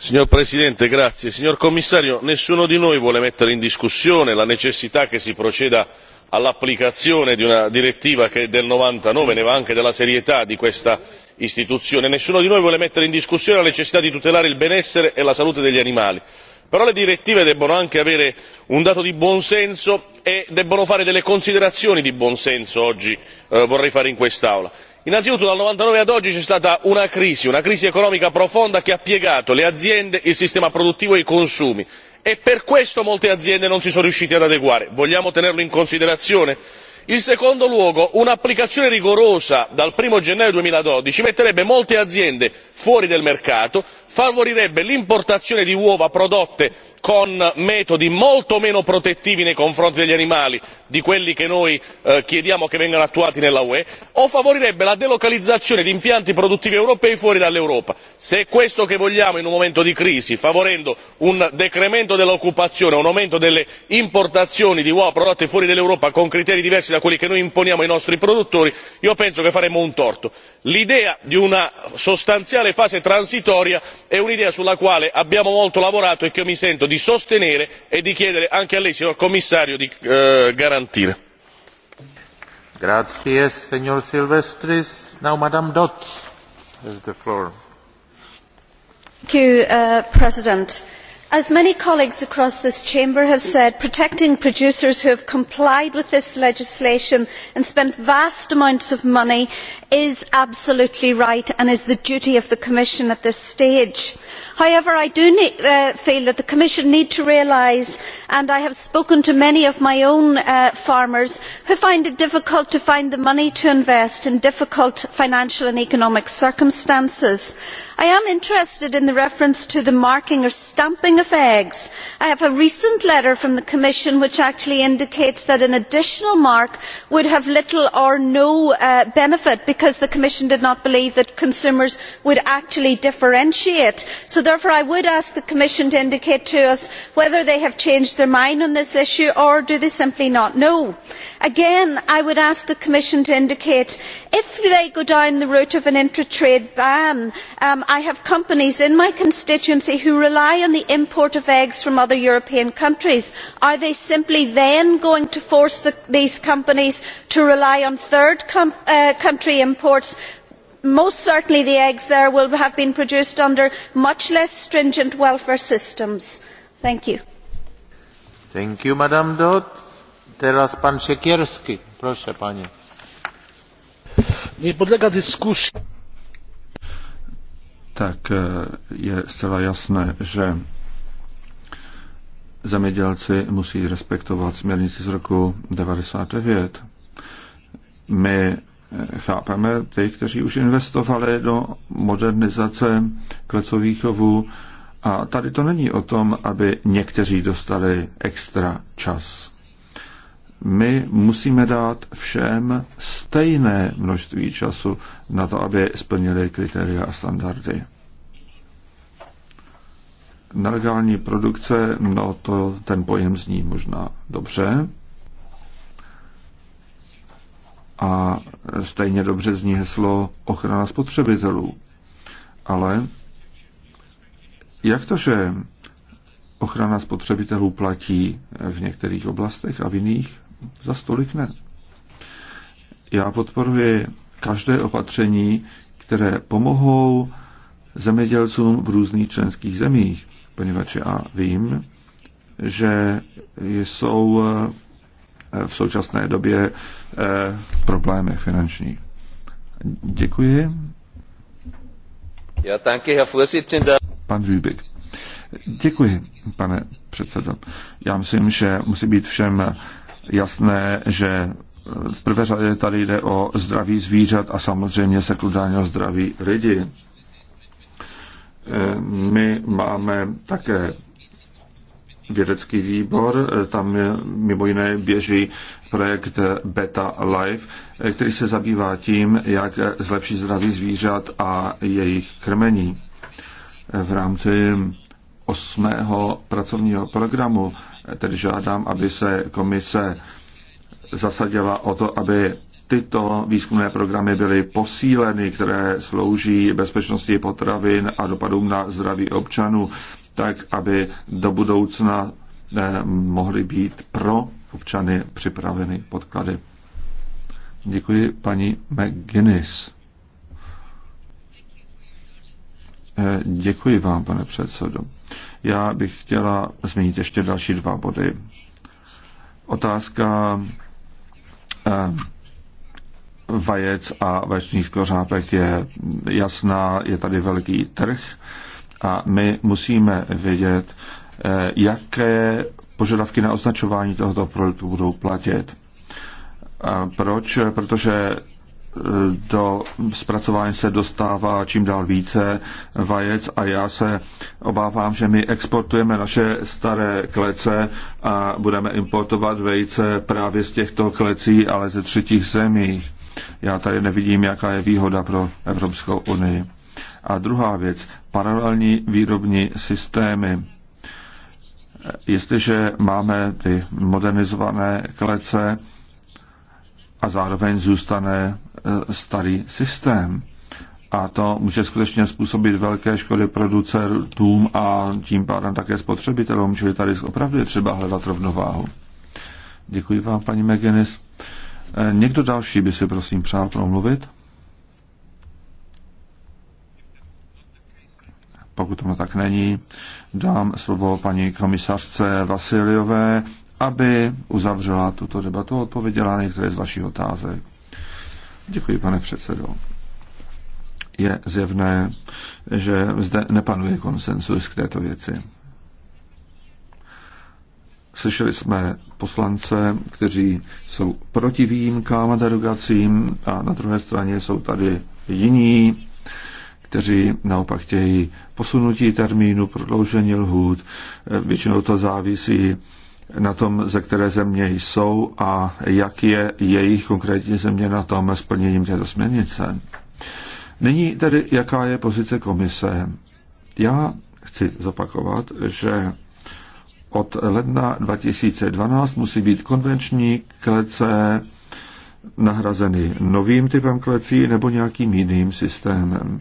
signor presidente onorevoli colleghi signor commissario nessuno di noi vuole mettere in discussione la necessità che si proceda all'applicazione di una direttiva che è del millenovecentonovantanove ne va anche della serietà di questa istituzione. nessuno di noi vuole mettere in discussione la necessità di tutelare il benessere e la salute degli animali però le direttive debbono anche avere un dato di buon senso e debbono fare delle considerazioni di buon senso oggi eh, vorrei fare in quest'aula innanzitutto dal millenovecentonovantanove ad oggi c'è stata una crisi una crisi economica profonda che ha piegato le aziende il sistema produttivo e i consumi e per questo molte aziende non si sono riuscite ad adeguare. vogliamo tenerlo in considerazione? in secondo luogo un'applicazione rigorosa dal uno gennaio duemiladodici metterebbe molte aziende fuori dal mercato favorirebbe l'importazione di uova prodotte con metodi molto meno protettivi nei confronti degli animali di quelli che noi eh, chiediamo che vengano attuati nell'ue o favorirebbe la delocalizzazione di impianti produttivi europei fuori dall'europa. se è questo che vogliamo in un momento di crisi favorendo un decremento dell'occupazione e un aumento delle importazioni di uova prodotte fuori dall'europa con criteri diversi da quelli da quelli che noi imponiamo ai nostri produttori io penso che faremmo un torto. l'idea di una sostanziale fase transitoria è un'idea sulla quale abbiamo molto lavorato e che mi sento di sostenere e di chiedere anche a lei signor commissario di eh, garantire as many colleagues across this chamber have said protecting producers who have complied with this legislation and spent vast amounts of money is absolutely right and is the duty of the commission at this stage. however i do uh, feel that the commission needs to realise and i have spoken to many of my own uh, farmers who find it difficult to find the money to invest in difficult financial and economic circumstances that i am interested in the reference to the marking or stamping of eggs. i have a recent letter from the commission which actually indicates that an additional mark would have little or no uh, benefit because the commission did not believe that consumers would actually differentiate. so therefore i would ask the commission to indicate to us whether they have changed their mind on this issue or do they simply not know? again i would ask the commission to indicate if they go down the route of an intra trade ban um, i have companies in my constituency who rely on the import of eggs from other european countries. are they simply then going to force these companies to rely on third uh, country imports? most certainly the eggs there will have been produced under much less stringent welfare systems. thank you. Thank you teraz pan siekierski proszę panie nie podlega dyskusji tak eh, je zcela jasné, že zemědělci musí respektovat směrnici z roku 99. My eh, chápeme ty, kteří už investovali do modernizace klecových chovů a tady to není o tom, aby někteří dostali extra čas my musíme dát všem stejné množství času na to, aby splnili kritéria a standardy. Nelegální produkce, no to ten pojem zní možná dobře. A stejně dobře zní heslo ochrana spotřebitelů. Ale jak to, že ochrana spotřebitelů platí v některých oblastech a v jiných za stolik ne. Já podporuji každé opatření, které pomohou zemědělcům v různých členských zemích, poněvadž já vím, že jsou eh, v současné době eh, problémy finanční. Děkuji. Ja, danke, Herr Vorsitzender. Pan Rübig. Děkuji, pane předsedo. Já myslím, že musí být všem jasné, že v prvé řadě tady jde o zdraví zvířat a samozřejmě se o zdraví lidi. Eh, my máme také vědecký výbor, eh, tam mimo jiné běží projekt Beta Life, eh, který se zabývá tím, jak zlepšit zdraví zvířat a jejich krmení. V rámci osmého pracovního programu, tedy žádám, aby se komise zasadila o to, aby tyto výzkumné programy byly posíleny, které slouží bezpečnosti potravin a dopadům na zdraví občanů, tak aby do budoucna eh, mohly být pro občany připraveny podklady. Děkuji paní McGuinness. Eh, děkuji vám, pane předsedo. Já bych chtěla zmínit ještě další dva body. Otázka eh, vajec a vaječných skořápek je jasná, je tady velký trh a my musíme vědět, eh, jaké požadavky na označování tohoto produktu budou platit. A proč? Protože do zpracování se dostává čím dál více vajec a já se obávám, že my exportujeme naše staré klece a budeme importovat vejce právě z těchto klecí, ale ze třetích zemí. Já tady nevidím, jaká je výhoda pro Evropskou unii. A druhá věc, paralelní výrobní systémy jestliže máme ty modernizované klece a zároveň zůstane E, starý systém. A to může skutečně způsobit velké škody producentům a tím pádem také spotřebitelům, čili tady opravdu je třeba hledat rovnováhu. Děkuji vám, paní McGinnis. E, někdo další by si prosím přál promluvit? Pokud tomu tak není, dám slovo paní komisařce Vasiliové, aby uzavřela tuto debatu a odpověděla na některé z vašich otázek. Děkuji, pane předsedo. Je zjevné, že zde nepanuje konsensus k této věci. Slyšeli jsme poslance, kteří jsou proti výjimkám a derogacím a na druhé straně jsou tady jiní, kteří naopak chtějí posunutí termínu, prodloužení lhůt. Většinou to závisí na tom, ze které země jsou a jak je jejich konkrétní země na tom s plněním této směrnice. Nyní tedy, jaká je pozice komise. Já chci zopakovat, že od ledna 2012 musí být konvenční klece nahrazeny novým typem klecí nebo nějakým jiným systémem.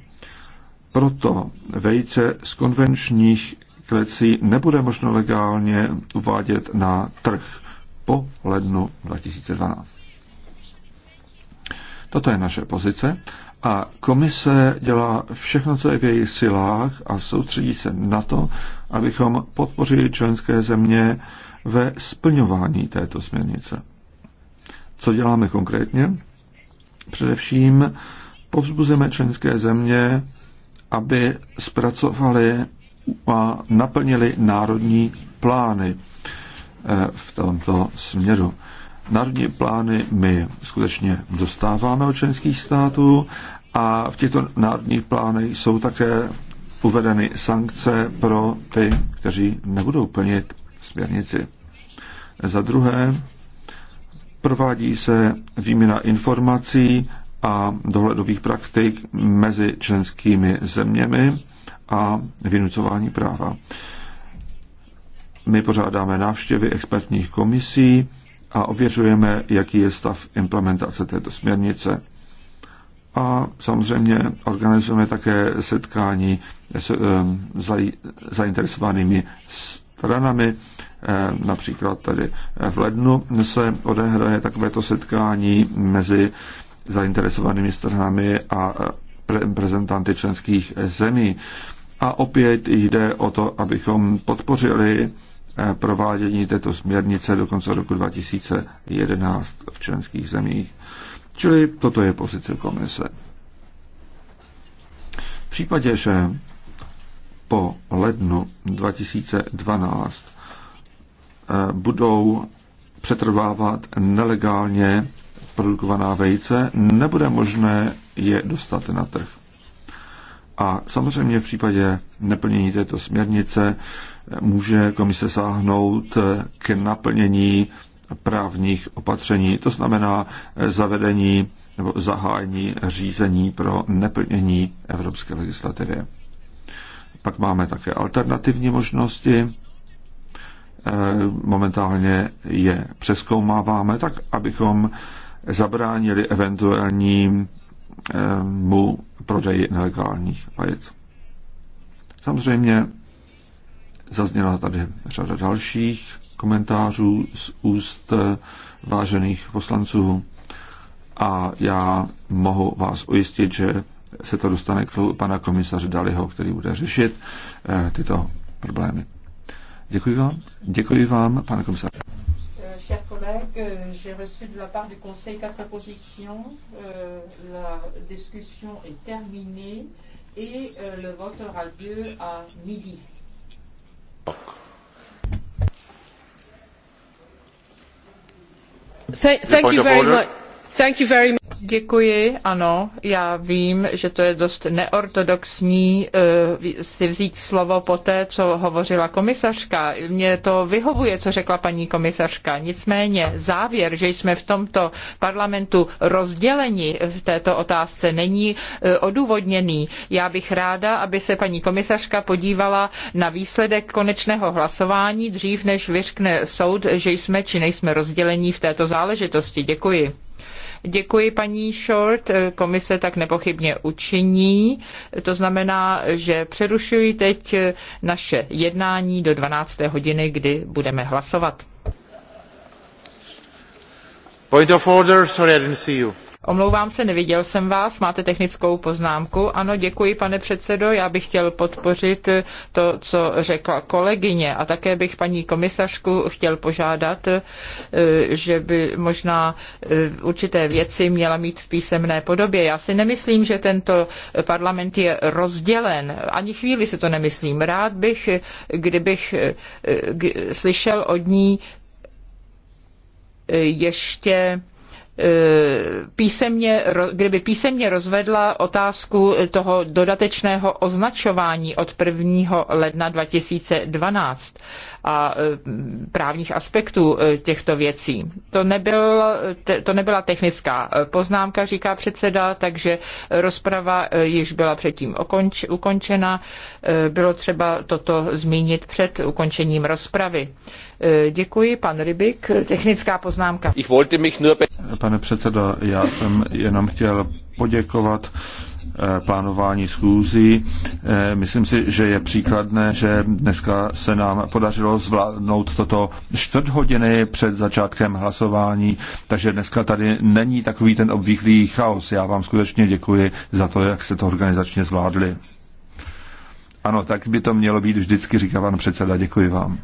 Proto vejce z konvenčních klecí nebude možno legálně uvádět na trh po lednu 2012. Toto je naše pozice a komise dělá všechno, co je v jejich silách a soustředí se na to, abychom podpořili členské země ve splňování této směrnice. Co děláme konkrétně? Především povzbuzeme členské země, aby zpracovali a naplnili národní plány eh, v tomto směru. Národní plány my skutečně dostáváme od členských států a v těchto národních plánech jsou také uvedeny sankce pro ty, kteří nebudou plnit směrnici. Za druhé, provádí se výměna informací a dohledových praktik mezi členskými zeměmi a vynucování práva. My pořádáme návštěvy expertních komisí a ověřujeme, jaký je stav implementace této směrnice. A samozřejmě organizujeme také setkání s eh, zainteresovanými stranami. Eh, například tady v lednu se odehraje takovéto setkání mezi zainteresovanými stranami a eh, prezentanty členských zemí. A opět jde o to, abychom podpořili eh, provádění této směrnice do konce roku 2011 v členských zemích. Čili toto je pozice komise. V případě, že po lednu 2012 eh, budou přetrvávat nelegálně produkovaná vejce, nebude možné je dostat na trh. A samozřejmě v případě neplnění této směrnice může komise sáhnout k naplnění právních opatření, to znamená zavedení nebo zahájení řízení pro neplnění evropské legislativy. Pak máme také alternativní možnosti. Eh, momentálně je přeskoumáváme tak, abychom zabránili eventuálním mu prodeji nelegálních vajec. Samozřejmě zazněla tady řada dalších komentářů z úst vážených poslanců a já mohu vás ujistit, že se to dostane k pana komisaře Daliho, který bude řešit eh, tyto problémy. Děkuji vám. Děkuji vám, pane komisaře chers collègues, euh, j'ai reçu de la part du Conseil quatre propositions. Euh, la discussion est terminée et euh, le vote aura lieu à midi. Thank, thank you very much. Thank you very much. Děkuji, ano. Já vím, že to je dost neortodoxní eh, si vzít slovo po té, co hovořila komisařka. Mně to vyhovuje, co řekla paní komisařka. Nicméně závěr, že jsme v tomto parlamentu rozděleni v této otázce, není eh, odůvodněný. Já bych ráda, aby se paní komisařka podívala na výsledek konečného hlasování dřív, než vyřkne soud, že jsme či nejsme rozdělení v této záležitosti. Děkuji. Děkuji paní Short, komise tak nepochybně učiní. To znamená, že přerušuji teď naše jednání do 12. hodiny, kdy budeme hlasovat. Point of order, sorry, I didn't see you. Omlouvám se, neviděl jsem vás. Máte technickou poznámku? Ano, děkuji, pane předsedo. Já bych chtěl podpořit to, co řekla kolegyně a také bych paní komisařku chtěl požádat, eh, že by možná eh, určité věci měla mít v písemné podobě. Já si nemyslím, že tento parlament je rozdělen. Ani chvíli si to nemyslím. Rád bych, kdybych eh, slyšel od ní ještě E, písemně, kdyby písemně rozvedla otázku toho dodatečného označování od 1. ledna 2012 a e, právních aspektů e, těchto věcí. To, nebyl, to nebyla technická poznámka, říká předseda, takže rozprava již byla předtím ukonč, ukončena. Bylo třeba toto zmínit před ukončením rozpravy. E, děkuji, pan Rybik. Technická poznámka. Pane předsedo, já jsem jenom chtěl poděkovat e, plánování schůzí. E, myslím si, že je příkladné, že dneska se nám podařilo zvládnout toto čtvrt hodiny před začátkem hlasování, takže dneska tady není takový ten obvyklý chaos. Já vám skutečně děkuji za to, jak jste to organizačně zvládli. Ano, tak by to mělo být vždycky, říká pan předseda. Děkuji vám.